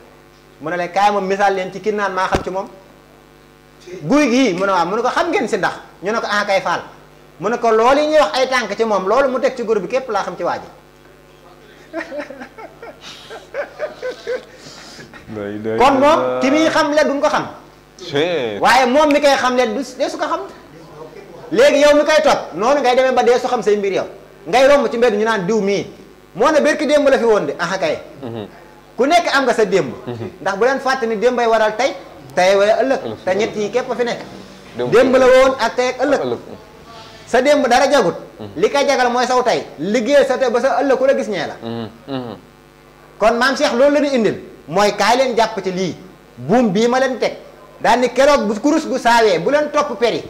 mu ne la kaay moom misaal leen ci kin naan maa xam ci moom guy gii mu ne waaw mu ne ko xam ngeen si ndax ñu ne ko ah kay Fall mun ne ko loolu yi ñuy wax ay tànk ci moom loolu mu teg ci groupe bi képp laa xam ci waa ji kon moom ki xam le ko xam waaye moom mi kay xam ne du su ko xam léegi yow mi koy topp noonu ngay demee ba dee su xam say mbir yow ngay romb ci mbedd ñu naan diw mii moo ne bërki démb la fi woon de aha kay mhm. ku nekk am nga sa démb mhm. ndax bu leen fàtte ni démbay waral tey tey wala ëllëg mhm. te ñett yi képp fi nekk démb la woon ak tey ak ëllëg sa démb dara jagut li koy jagal mooy saw tey liggéey sa tey ba sa ëllëg ku la gis ñee la kon maam Cheikh loolu la ñu indil mooy kaay leen jàpp ci lii buum bii ma leen teg daal ni keroog bu kurus bu saawee bu leen topp peri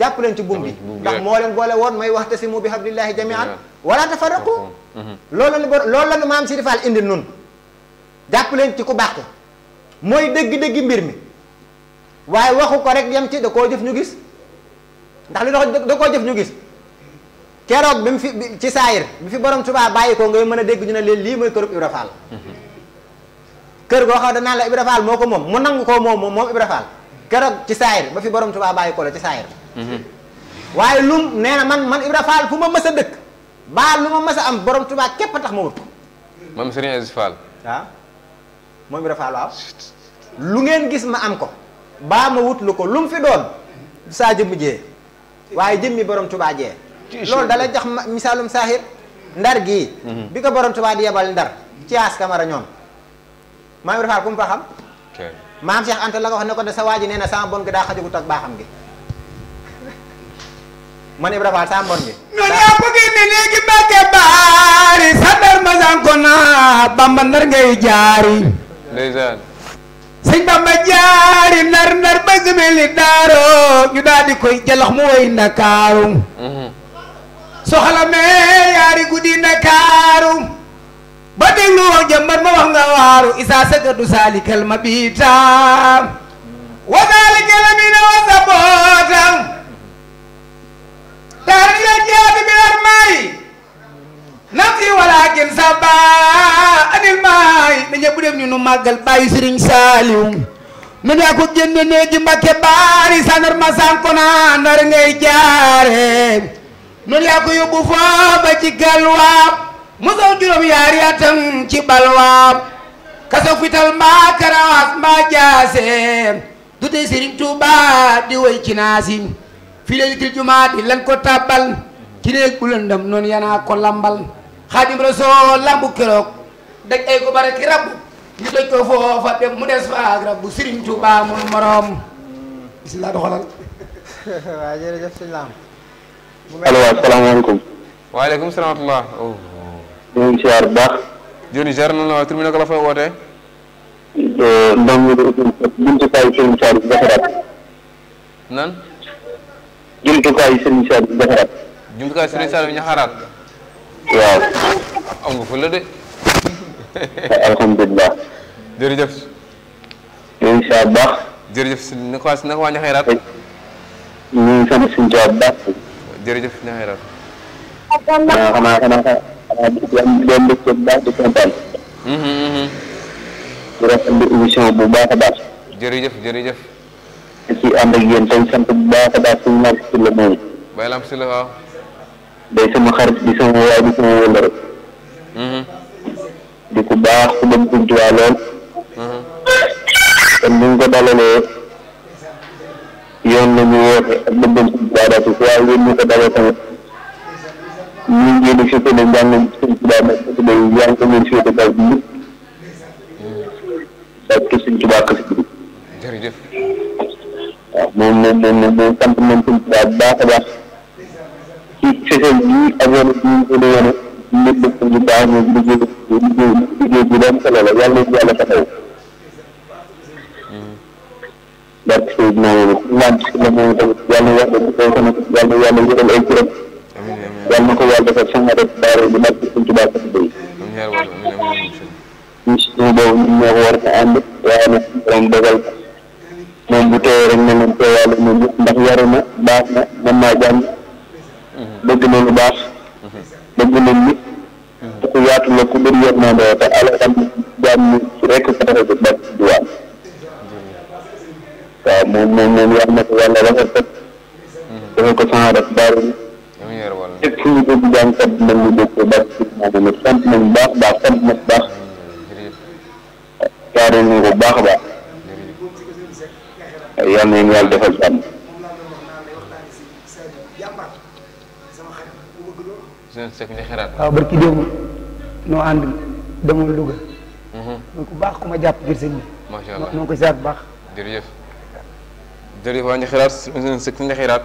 jàpp leen ci buum bi ndax moo leen boole woon may wax tasimu bi hablillahi jamian wala tafarraqu mm-hmm. loolu la loolu la nu maam si difaal indi nun jàpp leen ci ku baax mooy dëgg-dëgg mbir mi waaye waxu ko rek yem ci da koo jëf ñu gis ndax li tax da koo jëf ñu gis keroog bi mu fi ci saayir bi fi borom subaa bàyyi ko ngay mën a dégg ñu ne leen lii mooy kërub Ibra Faal mm-hmm. kër go xam dana la Ibra Fall moko mom moom mu nangu koo mom moom Ibra Fall keroog ci sayr ba fi borom tuba baye ko la ci hmm waye lum neena na man man Ibra Fall fuma ma mës dëkk baa am borom tuba képp tax mo wut ko moom Serigne Aziz Fall waaw ah, mom Ibra Fall waaw lu ngeen gis ma am ko ba ma wut lu ko lum fi doon sa jëmm je waye jëmmi borom tuba je dala jox misalum sahir ndar gi mhm. bi borom tuba di yabal ndar ci as kamara ñom maam Ibra Fall ku mu fa maam Cheikh Anta la ne ko de sa waa nee na sama bon gi daa xajagut ak baaxam gi man Ibra Fall sama bon gi nonaa bëggee ne léegi Mbàkke baari sa dar masan ko na Bamba ndar ngay jaari ndeysaan Bamba jaari ndar ndar ba simili daaro ñu daal di koy jalax mu woy Ndakaaru mhm. soxla me yaari guddi Ndakaaru ba déglu wax jëmbat ma wax nga waaru isa sagadu saalikal ma biita wa saalikal ma biita wa saboota taariga jaati bi lar maay nafsi walaakin saba anil maay na ñëpp dem ñu nu màggal bàyyi sëriñ saaliw nu ko génne nee ji mbakke baari sanar ma sankona nar ngay jaare nu ñaa ko yóbbu foofa ci galwaab musal juróom yaari atam ci balwaam kaso fital mbaa karawaas mbaa jaase du tey Sëriñ Tuubaa di way ci naasin fii laylatul jumaa di lan ko tàbbal ci néeg bu lëndëm noonu yanaa ko lambal Xaadim Rasuul lambu keroog daj ay ko bare ki rabbu ñu doj ko foofa dem mu des fa ak rabbu Sëriñ Tuubaa mun moroom bismillah doxalal waaw jërëjëf sëñ Lam allo asalaamaaleykum waaleykum salaam wa rahmatulah oh. ñoo ngi siyaar bu baax. Joni ziar na la waaye tur bi naka la fay wootee. Euh, donc jumtukaayu Serigne Saliou Diakharaat. nan. jumtukaayu Serigne Saliou Diakharaat. jumtukaayu Serigne Saliou Diakharaat. waaw. am nga fa la de. alhamdulilah. jërëjëf. ñoo ngi siyaar bu baax. jërëjëf si naka waa si naka waa Diakharaat. ñu ngi sant Serigne Saliou bu baax. jërëjëf Diakharaat. xanaa xanaa xanaa. dembe cebba di kabal ne njàngum sëñ Tuubaa moom su dee yaa ngi ko moom moom moom moom sant nañ sëñ Tuubaa bu baax a baax ci fesal bii ak wane bi ñu ñu ngi ko siyaar bu baax. jërëjëf jërëjëf waa ñu xiraat sëñ ñu xiraat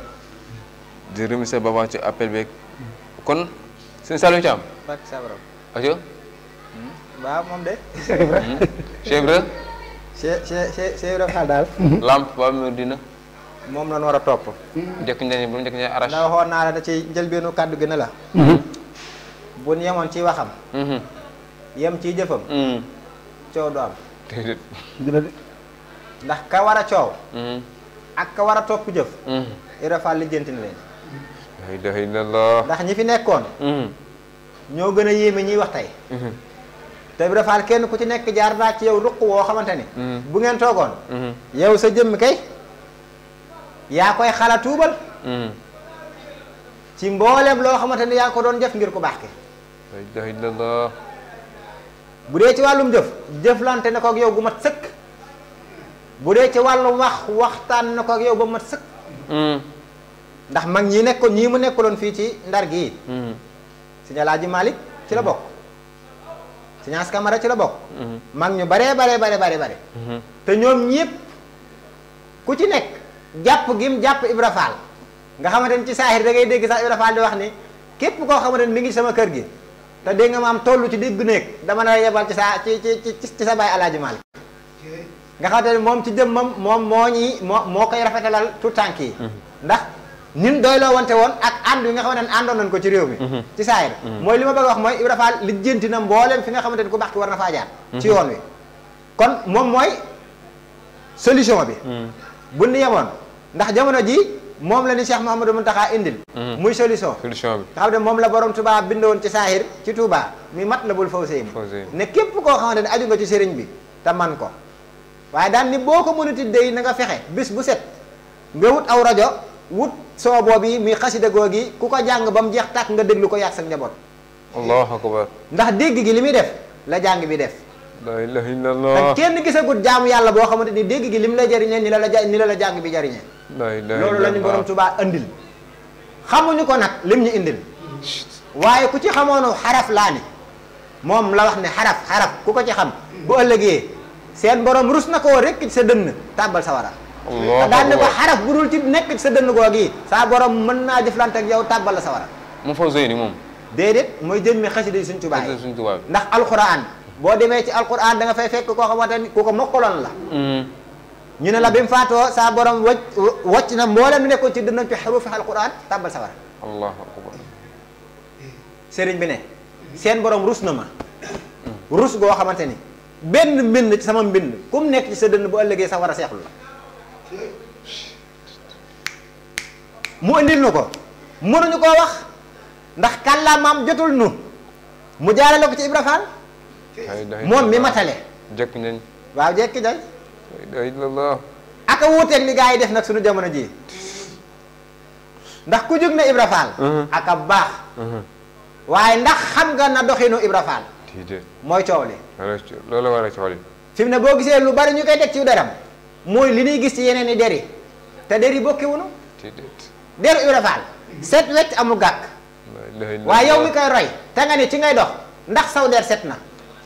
di remercier Baba ci appel beeg kon sëñ Saloum Thiam. Fatou Sabra. ajo. Hmm? waaw moom de. Cheikh Ibra. Hmm? Cheikh Ibra. Cheikh Cheikh Cheikh Ibra Fall daal. Lamp waa mu dina. moom la ñu war a topp. njëkk nañu bu njëkk nañu arraché. ndax waxoon naa la da ci njëlbeenu kàddu gi ne la. Hmm. bu ñu yemoon ci waxam. yem ci jëfam. coow du am. ndax ka war a coow. Mm-hmm. ak ka war a topp jëf. Mm-hmm. Ibra Fall lijjanti na leen. ndax ñi fi nekkoon. Mm-hmm. ñoo gën a yéeme ñiy wax tey. te Ibra kenn ku ci nekk jaar naa ci yow ruq woo xamante ni. bu ngeen toogoon. yow sa jëmm kay. yaa koy xalaat tuubal. ci mboolem loo xamante ni yaa ko doon def ngir ku baax ki. Bude ci walum def jëflante na ko ak yow bu mat sëkk bu ci walu wax waxtan na ak yow ba mat hmm ndax mag ñi nekk ñi mu nekkulon fi ci ndar hmm malik ci la hmm. bok Camara ci la hmm mag ñu bare bare bare bare bare hmm. te ñom ñepp ku ci nekk japp gim japp ibrafal. nga xamanteni ni ci sahir da ngay deg sax ibrafal di wax ni képp ko xamanteni mi ngi sama kër gi te dégg nga maam toll ci dégg néeg dama na yebal ci sa ci ci ci sa baay alaaji Maalik nga xamante ne moom ci jëmmam moom moo ñi moo moo koy rafetalal tout tànk yi mhm. ndax ñun doy loo wante woon ak ànd yi nga xamante ne àndoon nañ ko ci réew mi mhm. ci saayir mhm. mooy li ma bëgg a wax mooy Ibra Fall lijjanti na mbooleem fi nga xamante ni ku baax war na faa jaar ci yoon wi kon moom mooy solution bi bu ñu yemoon ndax jamono ji moom la ni Cheikh Mouhamadou Mountakha indil. Mhm. muy solution. solution bi nga xam ne moom la borom Touba bindoon ci Sahir ci Touba mi mat la bul faw seen ne képp koo xamante ne aju nga ci sëriñ bi te man ko waaye daan ni boo ko mënut dey na nga fexe bis bu set nga wut aw rajo wut sooboo bi muy xasida gi ku ko jàng ba mu jeex tàkk nga déglu ko yàgg sa njaboot. allahu akbar ndax dégg gi li muy def la jàng bi def. la ilaha illallah kenn gisagut jaamu yàlla boo xamante ni dégg gi lim la jëriñee ni la la ja ni la la jàng bi jëriñee loolu la ñu borom tubaa andil xamuñu ko nag lim ñu indil waaye ku ci xamoonu xaraf laa ni moom la wax ne xaraf xaraf ku ko ci xam bu ëllëgee seen borom rus na koo rekk ci sa dënn tàbbal sa wara te daan ne ko xaraf bu dul ci nekk ci sa dënn googi saa borom mën naa jëflante ak yow tàbbal la sa wara mu fa zeyni moom déedéet mooy jën mi xasida yi suñ tubaab yi ndax alxuraan boo demee ci alquran da nga fay fekk koo xamante ni ku ko mokkaloon la mm. ñu ne la bi mu faatoo saa borom wacc wacc na mboolem nekkoon ci dënnam ci xarufi alquran tàbbal sawara allahu akbar sëriñ bi ne mm. seen borom rus na ma rus goo xamante ni benn mbind sama mbind kum nekk ci sa dënn bu ëllëgee sawara seexlu la mu indil nu ko mënuñu koo wax ndax kàllaamaam jotul nu mu jaarale ko ci Ibra moom mi matale jëkk nañ waaw jekki nañ aka wuuteeg li gaa yi def nag suñu jamono ji ndax ku jóg na Ibra Fall mhm. aka baax mhm. waaye ndax xam nga na doxinu Ibra Fall mooy coow li loolu war a coow li fi ne boo gisee lu bari ñu koy teg ci deram mooy li ñuy gis ci yeneen i deri te deri bokki wunu deru Ibra Fall set wecc amul gàkk waaye yow mi koy roy te nga ne ci ngay dox ndax saw set na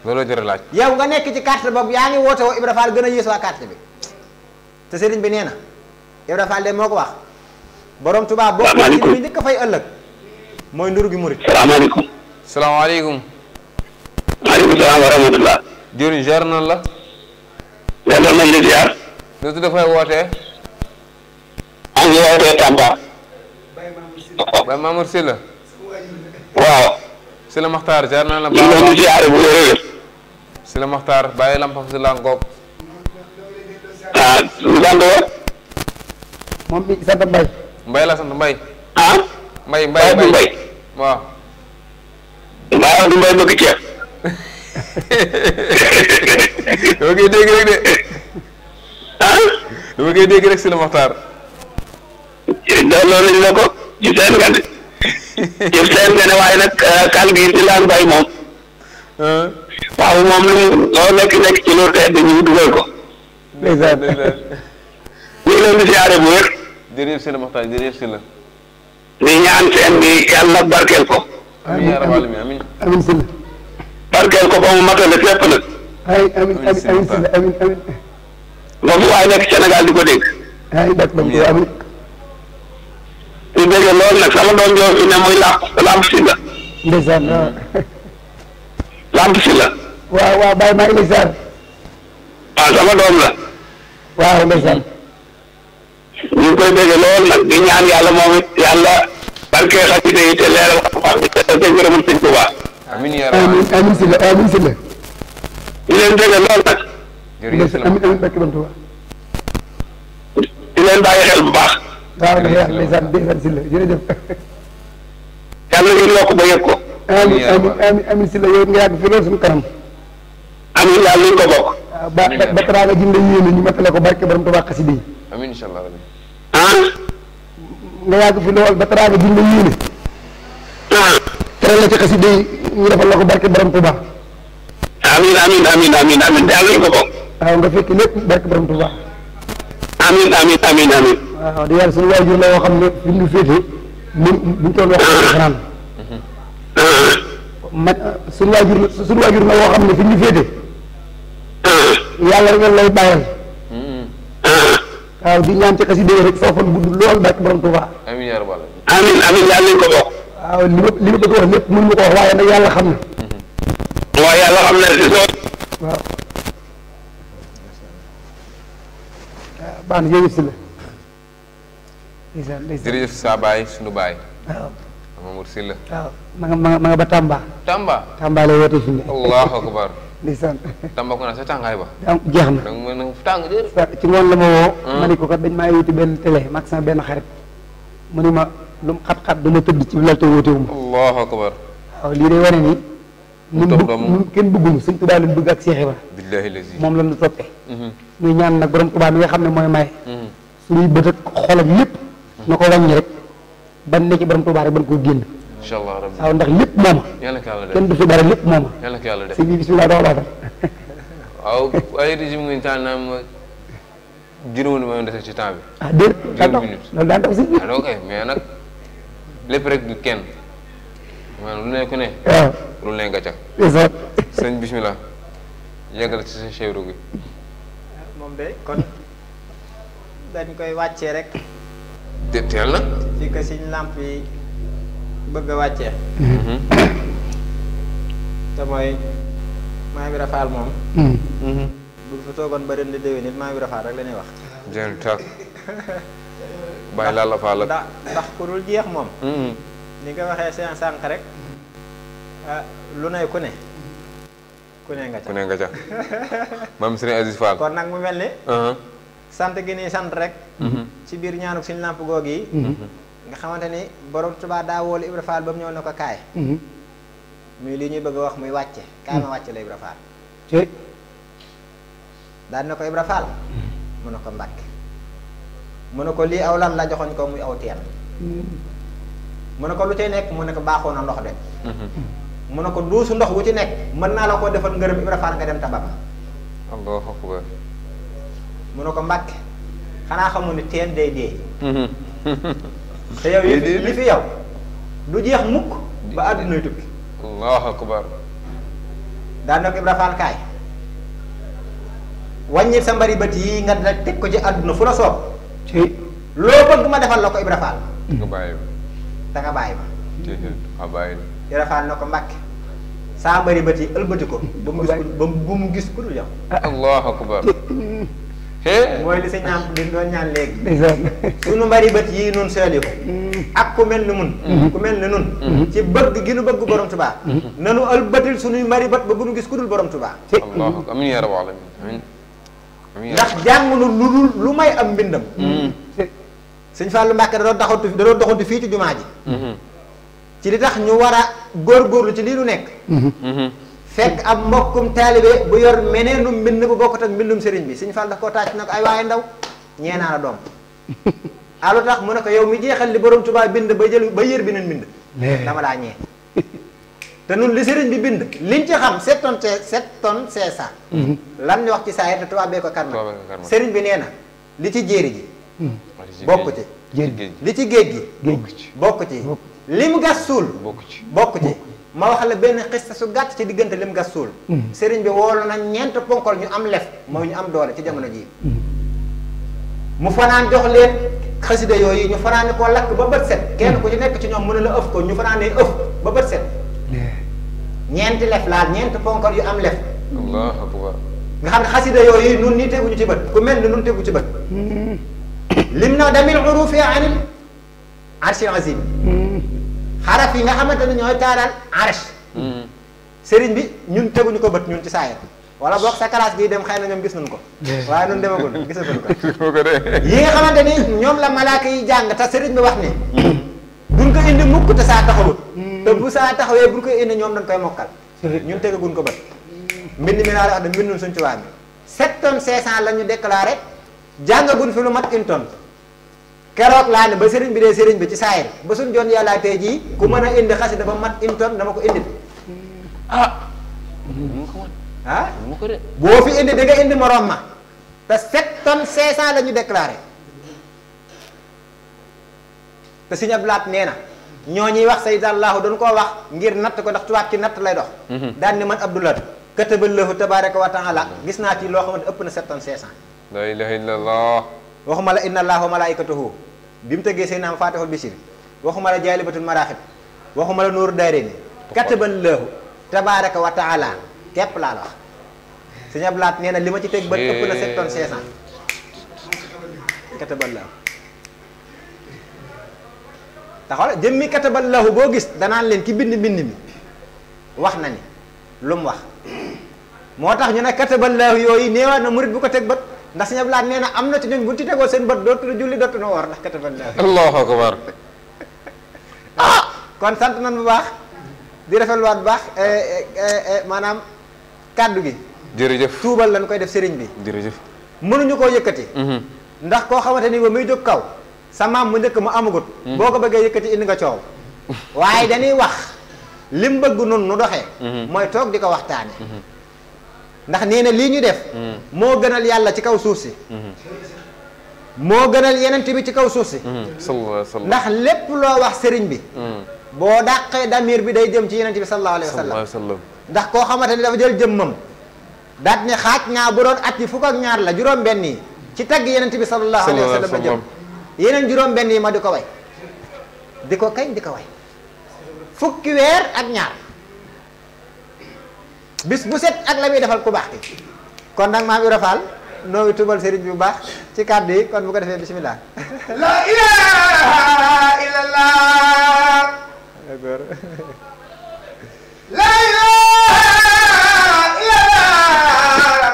looloo jërë laaj. yow nga nekk ci carte boobu yaa ngi woote woo Ibra Fall gën a yées waa carte bi te sëriñ bi nee Ibra Fall de moo ko wax. borom Tuubaa boo ko ñu njëkk a fay ëllëg. mooy ndur gi murit. salaamaaleykum. salaamaaleykum. maaleykum salaam wa rahmatulah. jërëjëf jar na la. yàlla nañ la ziar. lu tudd dafay wootee. maa ngi wootee Tamba. Baye Sila Mokhtar bàyyi lam foofu si lànkook njàngo bi sant mbay bay la sant mbay ah mbay mbay mbay waaw mbay am du mbay bëgg ceeb dama koy dégg rek de ah dama koy dégg rek Sila Mokhtar da loolu lañu ko ci seen nga ci seen nga ne waaye nag kàll ci laan bay moom waaw moom lu mu loo nekk nekk ci loolu tey ko. ndeysaan ñu ngi leen di siyaare bu wér. jërëjëf si la Mokhtar jërëjëf la. di ñaan seen bi yàlla barkeel ko. amiin yaa rabbal aalamiin amiin si la. barkeel ko ba mu matale fépp nag. ay amiin amiin si la amiin amiin. loolu waaye nekk di ko dégg. ay d'accord amiin. di dégg loolu nag sama doom joo fi ne muy làmp làmp si la. waaw waaw Baye maa ngi lay ziar. doom la. waaw ndeysaan. ñu koy dégg lool nag di ñaan yàlla moom it yàlla barke xasida yi te leeral wax bi te te gërëmul sëñ Tuubaa. amiin yaa rabbi amiin amiin lool nag. jërëjëf amiin bàyyi xel bu baax. waaw ndeysaan ndeysaan si la jërëjëf. yàlla ngeen yokk ba yëg ko. amiin amiin amiin la yow nga yàgg fi lool suñu kanam. amin yàlla ñu ko bokk. ba ba teraanga ji la yéene ñu matale ko barke borom Tuubaa Amin amin amiin incha allah. ah. nga yàgg fi lool ba teraanga ji la yéene. ah. teral la ci xasida yi ñu defal la ko barke borom amin amin amin amin amin amin Amin ñu ko amin. waaw nga fekk lépp barke borom Tuubaa. amin amin amin amin waaw di yàlla suñu waajur la yoo xam ne fi mu féete mu buñ toon wax ah. xanaan. Ah. suñu waajur suñu waajur la yoo xam ne fi yàlla rek lay bàyyal. Hmm. waaw di ñaan ci xasida yi rek soo fan gudd lool barke borom Tuuba. amiin yaa rabbal amiin ko bokk. waaw li ma li ma bëgg wax ko waaye nag yàlla xam na. Hmm. waaw yàlla xam na si soo. waaw. baax na jërëjëf si la. jërëjëf saa baay sunu baay. waaw. Mamour Sylla. waaw ma ma ba Tamba. Tamba Tamba lay wootee ndeysaan Tambacounda sa tàngaay ba jeex na mën na tàng jër ci ngoon la ma woo ma ni ko kat dañ maa wuti benn télé mag benn xarit mu ni ma lu mu xat-xat du ma tëdd ci lal te wóotewuma allahu akbar waaw lii day wane ni ñun kenn bëggunu sëñ Tuubaa Seex Ibra moom lañu toppee muy ñaan nag borom Tuubaa mi nga xam ne mooy maye suñuy bët ak xolam lépp na ko wàññi rek ban ne ci borom Tuubaa rek ban ko génn incha allah rabbi waaw ndax lépp mooma. yàlla na yàlla def kenn du fi dara lépp mooma. yàlla na yàlla def ah, si biir bisimilah doo baatal. waaw ay régime si. ah ok nag lépp rek du kenn lu ne ku ne. waaw ah. lu ne nga ca. c' sëñ bisimilah yàggal ci sa chèvre gi. moom de kon koy wàccee rek. bëgg a wàccee mhm. te mooy maam Ibra Faal moom mhm. Mhm. bu fa toogoon ba ren di déwén nit maam Ibra rek la ñuy wax jël tak bàyyi laa la faal ndax ndax ku jeex moom ni nga waxee seen sànq rek ah, lu nay ku ne ku ne nga ca ku ne nga ca kon nag mu mel ni sant gi nii sant rek ci biir ñaanuk suñu làmp googu yi nga xamante ni borom Tuubaa daa woolu Ibra Faal ba mu ñëw na ko kaay mhm. muy li ñuy bëgg a wax muy wàcce kaay ma mhm. wàcce la Ibra Faal daal na ko Ibra Faal mhm. mu ne ko Mbàkke mu ne ko lii aw lan la joxoñ ko muy aw teen mu ne ko lu cay nekk mu ne ko baaxoo na ndox de mu ne ko duusu ndox wu ci nekk mën naa la koo defal ngërëm Ibra Faal nga dem tabax Allahu ko Mbàkke xanaa xamul ni teen day dee te yow yi li fi yow du jeex mukk ba àddunay tukki allahu akbar daan na ko Ibra Faal kaay wàññil sa mbari bët yi nga da teg ko ci àdduna fu la soob loo bëgg ma defal la ko Ibra Faal nga bàyyi da nga bàyyi ma bàyyi Ibra Faal na ko Mbàkke mbari bët yi ëlbati ko mu gis ba mu gis ku dul yow ah, ah. allahu akbar mm. mooy li si ñaan di doon ñaan léegi suñu mbari bët yii nun seeliku mm-hmm. ak ku mel ni mun mm-hmm. ku mel ni nun mm-hmm. ci bëgg gi nu bëgg borom tubaa nanu ëlbatil suñuy mbari bët ba bu nu gis ku dul borom tubaa ndax jàng nu lu dul lu may am mbindam sëñ Fallou Mbacke da doon doxantu da doon doxantu fii ci jumaa ji ci li tax ñu war a góorgóorlu ci lii nu nekk fekk ab mbokkum taalibe bu yor meneenum mbind bu bokkut ak mbindum sëriñ bi suñ fal daf koo tàcc na ko ay waaye ndaw ñee naa la doom alu tax mu ne ko yow mi jeexal li borom Tuubaa bind ba jël ba yër bi nañ bind dama laa ñee te nun li sëriñ bi bind liñ ci xam sept tonnes sept tonnes c'est ça mm-hmm. lan ñu wax ci saa yi te tubaab bee ko karma sëriñ bi nee na li ci jéeri ji mm-hmm. bokk ci li ci géej gi bokk ci li mu gas bokk ci ma wax la benn xista su gàtt ci diggante lim gas suul mm. sëriñ bi woolu na ñeent ponkol ñu am lef mooy ñu am doole ci jamono jii mm. mu fanaan jox leen xasida yooyu ñu fanaane ko lakk ba bët set mm. kenn ci nekk ci ñoom mën na la ëf ñu fanaanee ëf ba bët set ñeenti lef laal ñeent ponkar yu am lef allah akbar nga xam ne xasida yooyu nun nii teguñu ci bët ku mel ni nun tegu ci bët lim na damil urufi anil arshil azim xaraf yi nga xamante ne ñooy taaral arsh hmm. sëriñ bi ñun teguñu ko bët ñun ci saayir wala boog sa classe gi dem xëy na ñoom gis nañ ko waaye ñun demagul gisaguñ ko yi nga xamante ni ñoom la malaaka yi jàng te sëriñ bi wax ni buñ ko indi mukk te saa taxawut te bu saa taxawee buñ ko indi ñoom dañ koy mokkal ñun tegaguñ ko bët mbind mi laa wax de mbindum suñ tubaab bi sept tonnes cinq cent la ñu déclaré jàngaguñ fi lu mat une tonne keroog laa ne ba sëriñ bi dee sëriñ bi ci saayir ba suñ joon yàllaa tey jii ku mën a indi xasida ba mat une tonne dama ko indil ah ah boo fi indi di nga indi morom ma te sept tonnes cinq cent la ñu déclaré te Sëñ Abdou Lahat nee na ñoo ñuy wax sayid allahu dañu koo wax ngir natt ko ndax tubaab ci natt lay dox mhm. daan ni man Abdou Lahat kataballahu tabaraka wa taala gis naa ci loo xamante ëpp na sept tonnes cinq cent waxuma la inna allaha malaikatuhu bi mu tëggee am fatihul bisir waxuma la jalibatul marahib waxuma la nur dairin kataban lahu tabaarak wa taala kep la wax seigne blat neena lima na ci teg ba ëpp na sept tonnes cinq cent kataban laahu taxawal jëmmi kataban gis nan len ki bind bind mi wax na ni wax motax ñu ne kataban lahu yoy na bu ko ba ndax sëñ Ablaat neena amna ci ñun bu ci tego seen bët dootuñu julli dootuñu war ndax katafalla allahu akbar ah kon sant nañ bu baax di rafetluwaat bu baax manam kaddu gi jërëjëf tuubal lañ koy def sëriñ bi jërëjëf mënuñu yëkëti hmm ndax ko xamanteni ni ba muy jog kaw sa mam mu njëkk mu amagut mhm. boko bëgge yëkëti indi nga ciow waye dañuy wax lim bëgg nun nu doxé moy mhm. tok di waxtane mhm. ndax nee na lii ñu def mm. moo gënal yàlla ci kaw suuf si mm-hmm. moo gënal yenent bi ci kaw suuf si mm-hmm. ndax lépp loo wax sëriñ bi mm. boo dàqee damir bi day jëm ci yenent bi sallallahu alayhi wa sallam ndax koo xamante ni dafa jël jëmmam daat ne xaaj naa bu doon at yi fukk ak ñaar la juróom benn yi ci tagg yenent bi sallallahu alayhi wa sallam la jëm yeneen juróom benn yi ma di ko way di ko kañ di ko way fukki weer ak ñaar bis bu set ak lamay defal ku bax ki kon nak mam irafal no noo ngi tubal serigne bu bax ci kaddi kon bu ko defé bismillah la ilaha illallah. d'accord. la ilaha illallah.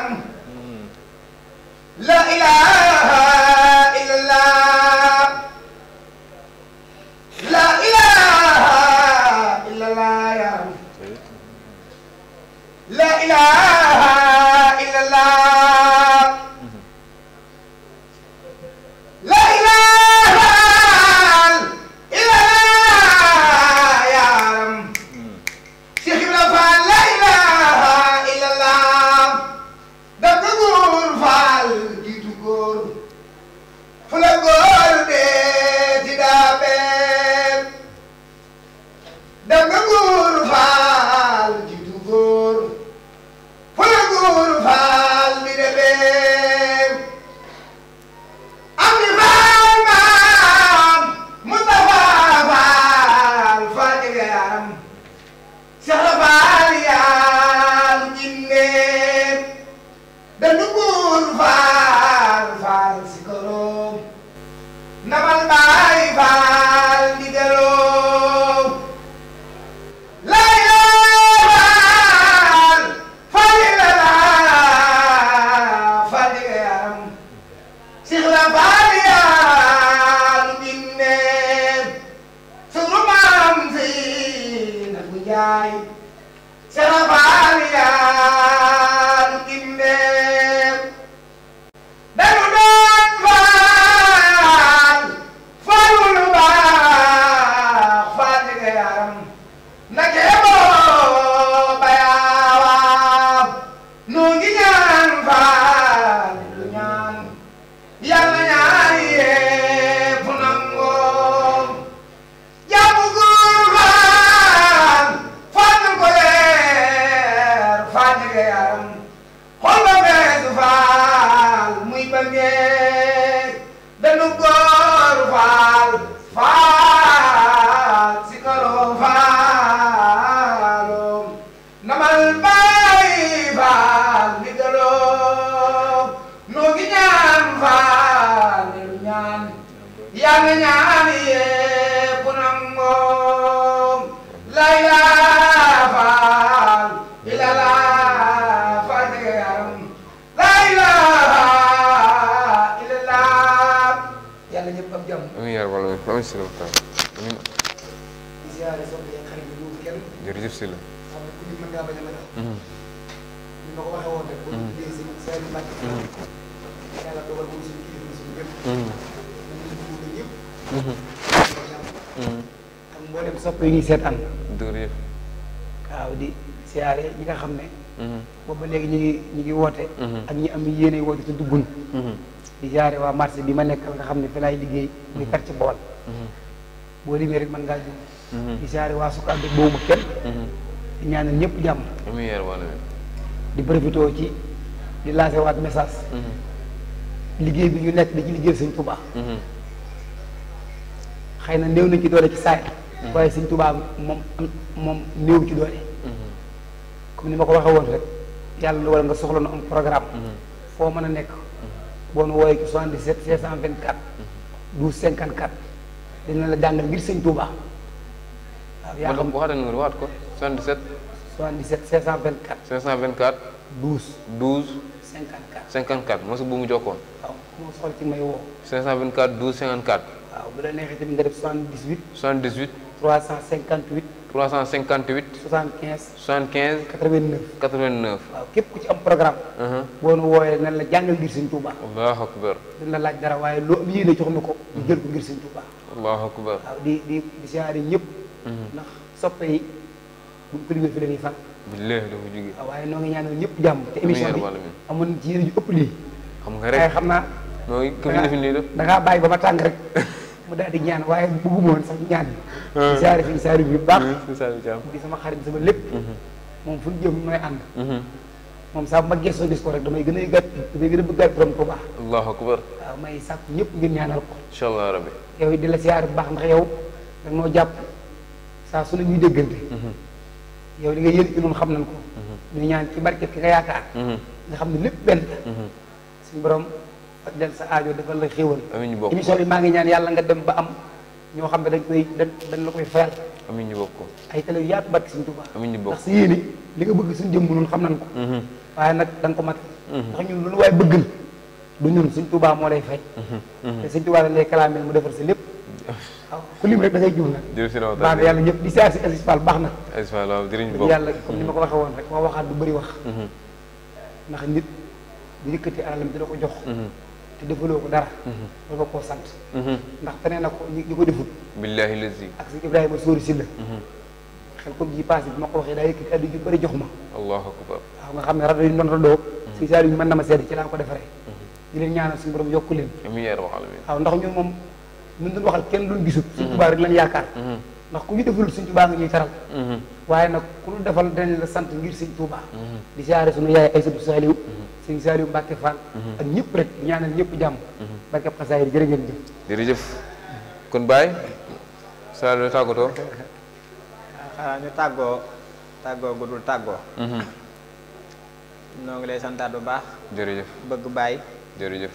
la ilaha. yu ngi seetaan. duur yëpp. waaw di siyaare ñi nga xam ne. Mhm. boobu ba léegi ñu ngi ñu ngi woote. Mhm. ak ñi am yéene woote te dugguñ. Mhm. di siyaare waa marché bi ma nekkal nga xam ne fi liggéey. muy quartier Baol. boo limee rek ngaa jóg. di waa Souka bi boobu kenn. di ñaanal ñëpp jàmm. di profité ci di lancé waat message. liggéey bi ñu nekk di ci liggéey Sëñ Tuubaa. xëy na néew nañ ci doole ci saay Mhm. waaye sëñ Tuubaa moom moom néew ci doole. Mhm. comme ni ma ko waxee woon rek yàlla wala nga soxla na am programme. Mhm. foo mën a nekk. boo nu wooyee ci 77 624. 12 54. dina la jàngal ngir sëñ Tuubaa. waaw yaa xam waxaat numéro waxaat ko 77. 77 624. 624. 12. 12. 54 54 mosu bu mu jokkoon. waaw moo soxla ci may woo. 524 12 54. waaw bu la neexee tamit nga def 78. 78. 358. 358. 75. 75. 89. 89. waaw képp ku ci am programme. Uh-huh. boo nu wooyee nan la jàngal ngir Sëñ Tuubaa. allahu akbar. dina la laaj dara waaye loo am yéene jox na ko. ñu uh-huh. jël ko ngir Sëñ Tuubaa. allahu akbar. waaw di di di siyaare ñëpp. Uh-huh. ndax soppe yi bu ñu ko fan. billaahi dafa jóge. waaye noo ngi ñaanal ñëpp jàmm. te émission bi amoon ci yéen ju ëpp lii. xam nga rek waaye xam naa. nooy kër yi def lii bàyyi ba ma tàng rek. Mudah daal di ñaan waaye bëgguma woon sax ñaan di hmm, sama xarit hmm. hmm. sama lépp moom fu jëm nooy ànd moom saa ma gëstoo gis ko rek damay gën a damay gën borom ko akbar may ngeen ñaanal ko allah rabbi yow di la siyaar bu ndax yow dag noo jàpp saa su ñuy déggante yow li nga yéen ci noonu xam nañ ko ñu ñaan ci barke ki nga yaakaar nga xam suñu borom fajjal sa aajo defal la xéwal émission bi ma ngi ñaan yalla nga dem ba am ño xamne dañ koy dañ la koy fayal amiin ñu bokk ay télé yaat bak barke touba Tuubaa ñu bokk sax si li nga bëgg suñu jëmm ñun xam nañ ko hmm waye nak nga ko mat tax mhm. ñun lu way bëggal du ñun Sëriñ touba mo lay fay hmm Sëriñ touba dañ lay kalaamel mu defal ci lepp waaw ku lim rek da ngay jëf ci baax ba yalla ñëpp di saasi espal baxna espal law diriñ Aziz Fall bokk yàlla comme ni ma ko mhm. waxee woon rek moo waxaat du bari wax hmm ndax nit bu yëkkati alalam dina ko jox hmm te defaloo ko dara mhm. war nga koo sant mhm. ndax tane na ko ñi ko defut billaahi lazi ak si Ibrahima Sóori Silla mhm. xel comme ji passé bi ma ko waxee daa yëkkati addu ju bëri jox ma allahu akbar waaw nga xam ne rajo yi doon rajo si saa yu mën na ma seede ci laa ko di leen ñaanal suñu borom yokku leen waaw ndax sëñ Saliou Mbacke Fall mhm. ak ñëpp rek ñaanal ñëpp jàmm barkab xasaay yi jërë jëf kon Baye Saliou tàggoo tàggoo gudul tàggoo mhm. noo ngi lay santaat bu baax jërëjëf bëgg Baye jërëjëf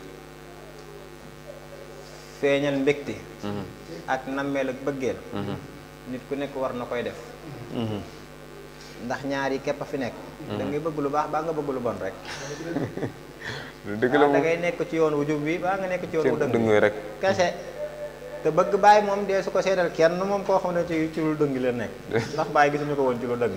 feeñal mbégte mhm. ak nammeel ak bëggeel nit ku nekk war na koy def ndax ñaar yi képp a fi nekk. Mm-hmm. da ngay bëgg lu baax baa nga bëgg lu bon rek. dëgg la ah, da ngay nekk ci yoon wu jub bi baa nga nekk ci yoon wu dëng rek. kese te bëgg bàyyi moom dee su ko seetal kenn moom koo xam ne ci ci lu dëng la nekk. ndax bàyyi gisuñu ko woon ci lu dëng.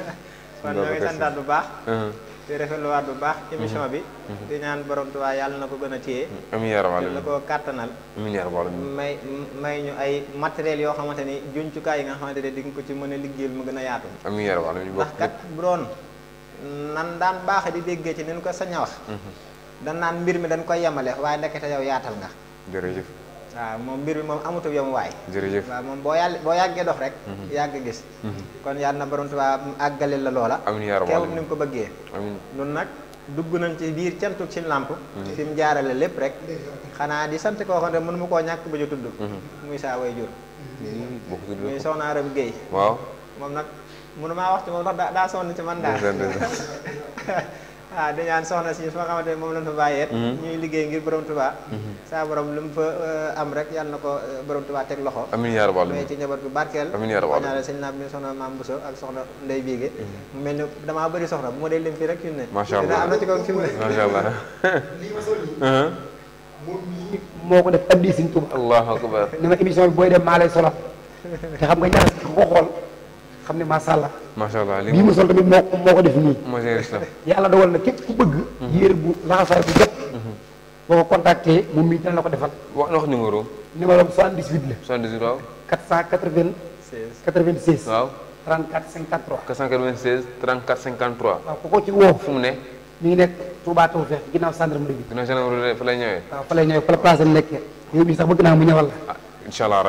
kon ñoo ngi santaat bu baax. Uh-huh. di rafetluwaat bu baax émission bi mhm. Mhm. di ñaan borom Tuubaa yàlla na ko gën a téye amiin yaa rabbal aalamiin ko kàttanal amiin yaa rabbal aalamiin may may ñu ay matériel yoo xamante ni juncukaay yi nga xamante ne di nga ko ci mën a liggéeyal mu gën a yaatu amiin yaa rabbal aalamiin ndax kat bu doon nan daan baaxe di déggee ci ni ko sañ a wax mhm. dan naan mbir mi dañ koy yemale waaye ndekete yow yaatal nga jërëjëf waaw moom mbir bi moom amatul yow mu waay. jërëjëf moom boo yàlla boo yàggee dox rek. Mhm. yàgg gis. Mhm. kon yàlla na borom Tuubaa àggalil la loola. amiin ni mu ko bëggee. amiin nun nag dugg nañ ci biir cantuk Sëñ Lamp. Mhm. fi mu jaarale lépp rek. xanaa di sant koo xam ne mënu ma koo ñàkk bu ñu tudd. muy saa way jur. muy soxna Arame Guèye. waaw moom nag mënu maa wax ci moom ndax daa sonn ci man daal. ah di ñaan soxna si soo xamante ne moom lañ fa bàyyeet mm-hmm. ñuy liggéey ngir borom Tuubaa mm-hmm. saa borom lu mu fa eh, am rek yàlla na ko eh, borom Tuubaa teg loxo amiin yaa rabbal ci njaboot bu barkeel amiin yaa rabbal ñaanal sëñ naam bi soxna maam Bousso ak soxna Ndey Biige mm-hmm. mel ni damaa bëri soxna bu ma dee lim fii rek fi mu kaw fi ma sol uh-huh. moo ko def addi sëñ Tuubaa allahu akbar ni ma émission booy dem maa lay solo te xam nga ñaar ko xool xamni ne macha allah. allah li ma tamit moko moko def ni mo def islam yalla dawal na képp ku bëgg. Mhm. yéer bu laasaay bu jot. Mhm. boo ko contacté moom dina la ko defal. wax wax numéro. numéro 78 la. 78 waaw. 96. waaw 34 53. 34 53. ko ci fu mu ne. Touba fa lay fa lay fa la place yow sax bëgg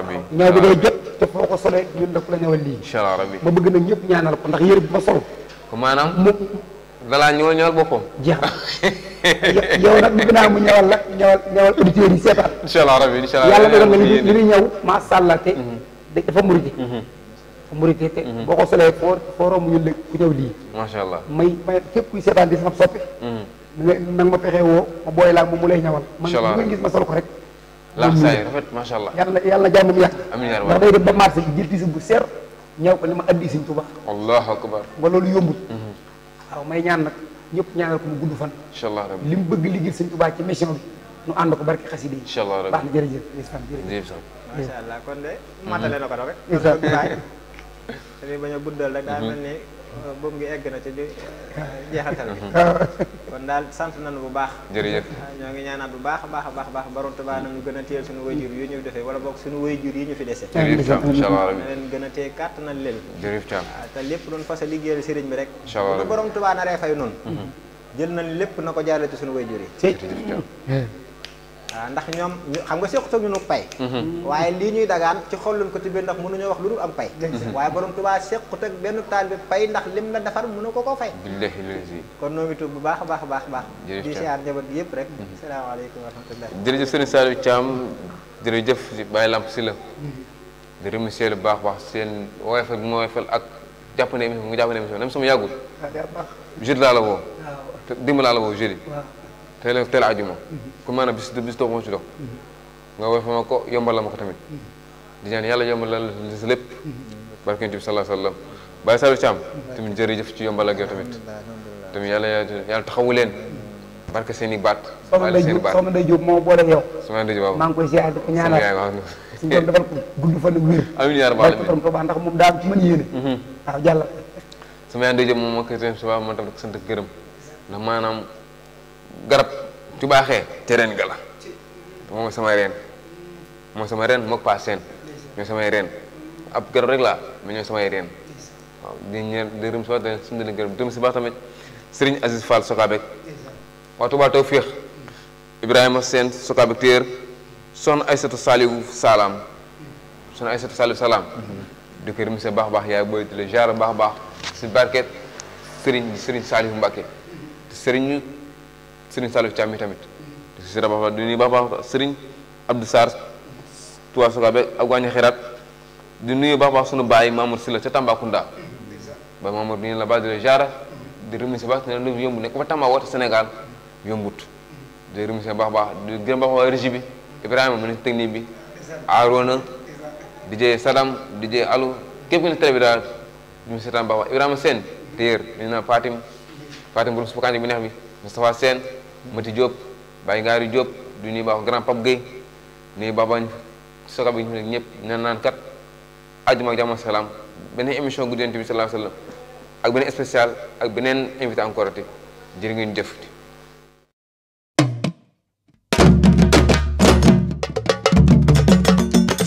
mu te foo ko solee ñun daf la ñëwal lii incha allah rabbi ma bëgg nag ñëpp ñaanal ko ndax yëre bi ma sol maanaam mu dalaa ñëwal ñëwal jeex yow nag bëgg naa seetaan incha allah rabbi incha allah yàlla dogal na li ñuy ñëw maa sàllate te mhm. mhm. mhm. boo ko solee foo foo romb ñun la ku ñëw lii macha allah may may képp kuy seetaan di sama soppi nag ma fexe woo ma booy laa moom mu lay ñëwal ma sol ko rek laax saa yi rafet macha allah. yàlla yàlla jàmm yàq. amiin yaa day dem ba marché bi jël bu seer ñëw ko ni ma andi Sëñ Tuubaa. allahu akbar ba loolu yombul. Mhm. waaw may ñaan nag ñëpp ñaanal ko mu gudd fan. incha li mu bëgg liggéey Sëñ Tuubaa ci mission bi nu ànd ko barki xasida yi. incha allah kon de matale na ko rek. incha allah a guddal rek daa mel Euh, boobu ngi egg na ca euh, jeexatal bi kon daal sant nañu bu baax jërëjëf ah, ñoo ngi ñaanaat bu baax a baax a baax baax borom Tuubaa nañu gën a téyel suñu wayjur yu ñu defee wala boog suñu wayjur yi ñu fi dese na leen gën a kàtt nañ leen jërëjëf Thiam ah, te lépp doon fas a liggéeyal sëriñ bi rek lu borom Tuubaa naree fay noonu mm-hmm. jël nañ lépp na ko jaarale ci suñu wayjur yi waaw ah, ndax ñoom xam nga seq toog ñunu pay mhm. waaye lii ñuy dagaan ci xol lañ ko tibbee ndax ñoo wax lu dul am pay mhm. waaye borom Tuubaa sequt ak benn taal bi pay ndax lim la defar mënu ko koo fay kon noo ngi bu baax a baax a baax baax di siyaar njaboot gi yëpp rek mhm. salaamaaleykum wa rahmatullah jërëjëf Serigne jërëjëf Baye si la di remercier lu baax baax seen woyofal bi ma woyofal ak jàpp ne mu nga jàpp ne émission même sama yàggul ah, jeudi laa la woo ah, démb laa la woo jeudi tey la teel ajuma pour maanaam bis bis toog moo ci dox nga woy fa ma ko yombal la ma ko tamit di ñaan yàlla yombal la sa lépp barke yonent bi sa sallam bàyyi Saliou Thiam tamit ci yombal ak yow tamit tamit yàlla yàlla taxawu leen barke seen i baat soxna Ndeye Diop moo boole yow soxna Ndeye Diop maa ngi koy ziar di ko ñaanal suñu doon defal ko gudd fan ak wér amiin yaa rabbal aalamiin Tuubaa ndax moom daa ci mën yéene mm-hmm. moom moo koy seen suba moom tamit sant ak gërëm ndax garab ci baxé té ren ga la moom sama reen mo sama reen mook paas sen ñu samay reen ab garab rek la ñu samay reen di ñeen di rum so baax tamit suñu dina gërëm tamit serigne Aziz Fall Sokabek waa Touba Tawfiq Ibrahim Sène Sokabek ter son aissatu salihu Salam son aissatu salihu Salam di ko rëm si bax baax yaay boy di sering bax bax ci barket serigne serigne salihu mbake serigne Serigne Salif Thiam mi tamit si raba fa du nuyu baax baax Serigne Abdou Sarr Touba Sokabe ak xiraat di nuyu baax baax sunu baay Mamour Sylla ca Tambacounda ba Mamour di la baax di la jaara di remercier baax te ne yomb ne ku fa di remercier baax baax di gërëm baax waa régie bi Ibrahima ministre technique bi Arona DJ Sadam DJ ne télé bi daal di mu seetaan baax baax Ibrahima Sène téyër ñu naan Fatim Fatim borom supakanji bu neex bi Moustapha Sène mati job, bay gaari job, du ni bax grand pap gay ni babañ saka bi ñep nan kat aljuma jamu salam benen émission guddi nabi sallallahu alayhi wasallam ak benen spécial ak benen invité encore té jëri ngeen def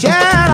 Yeah!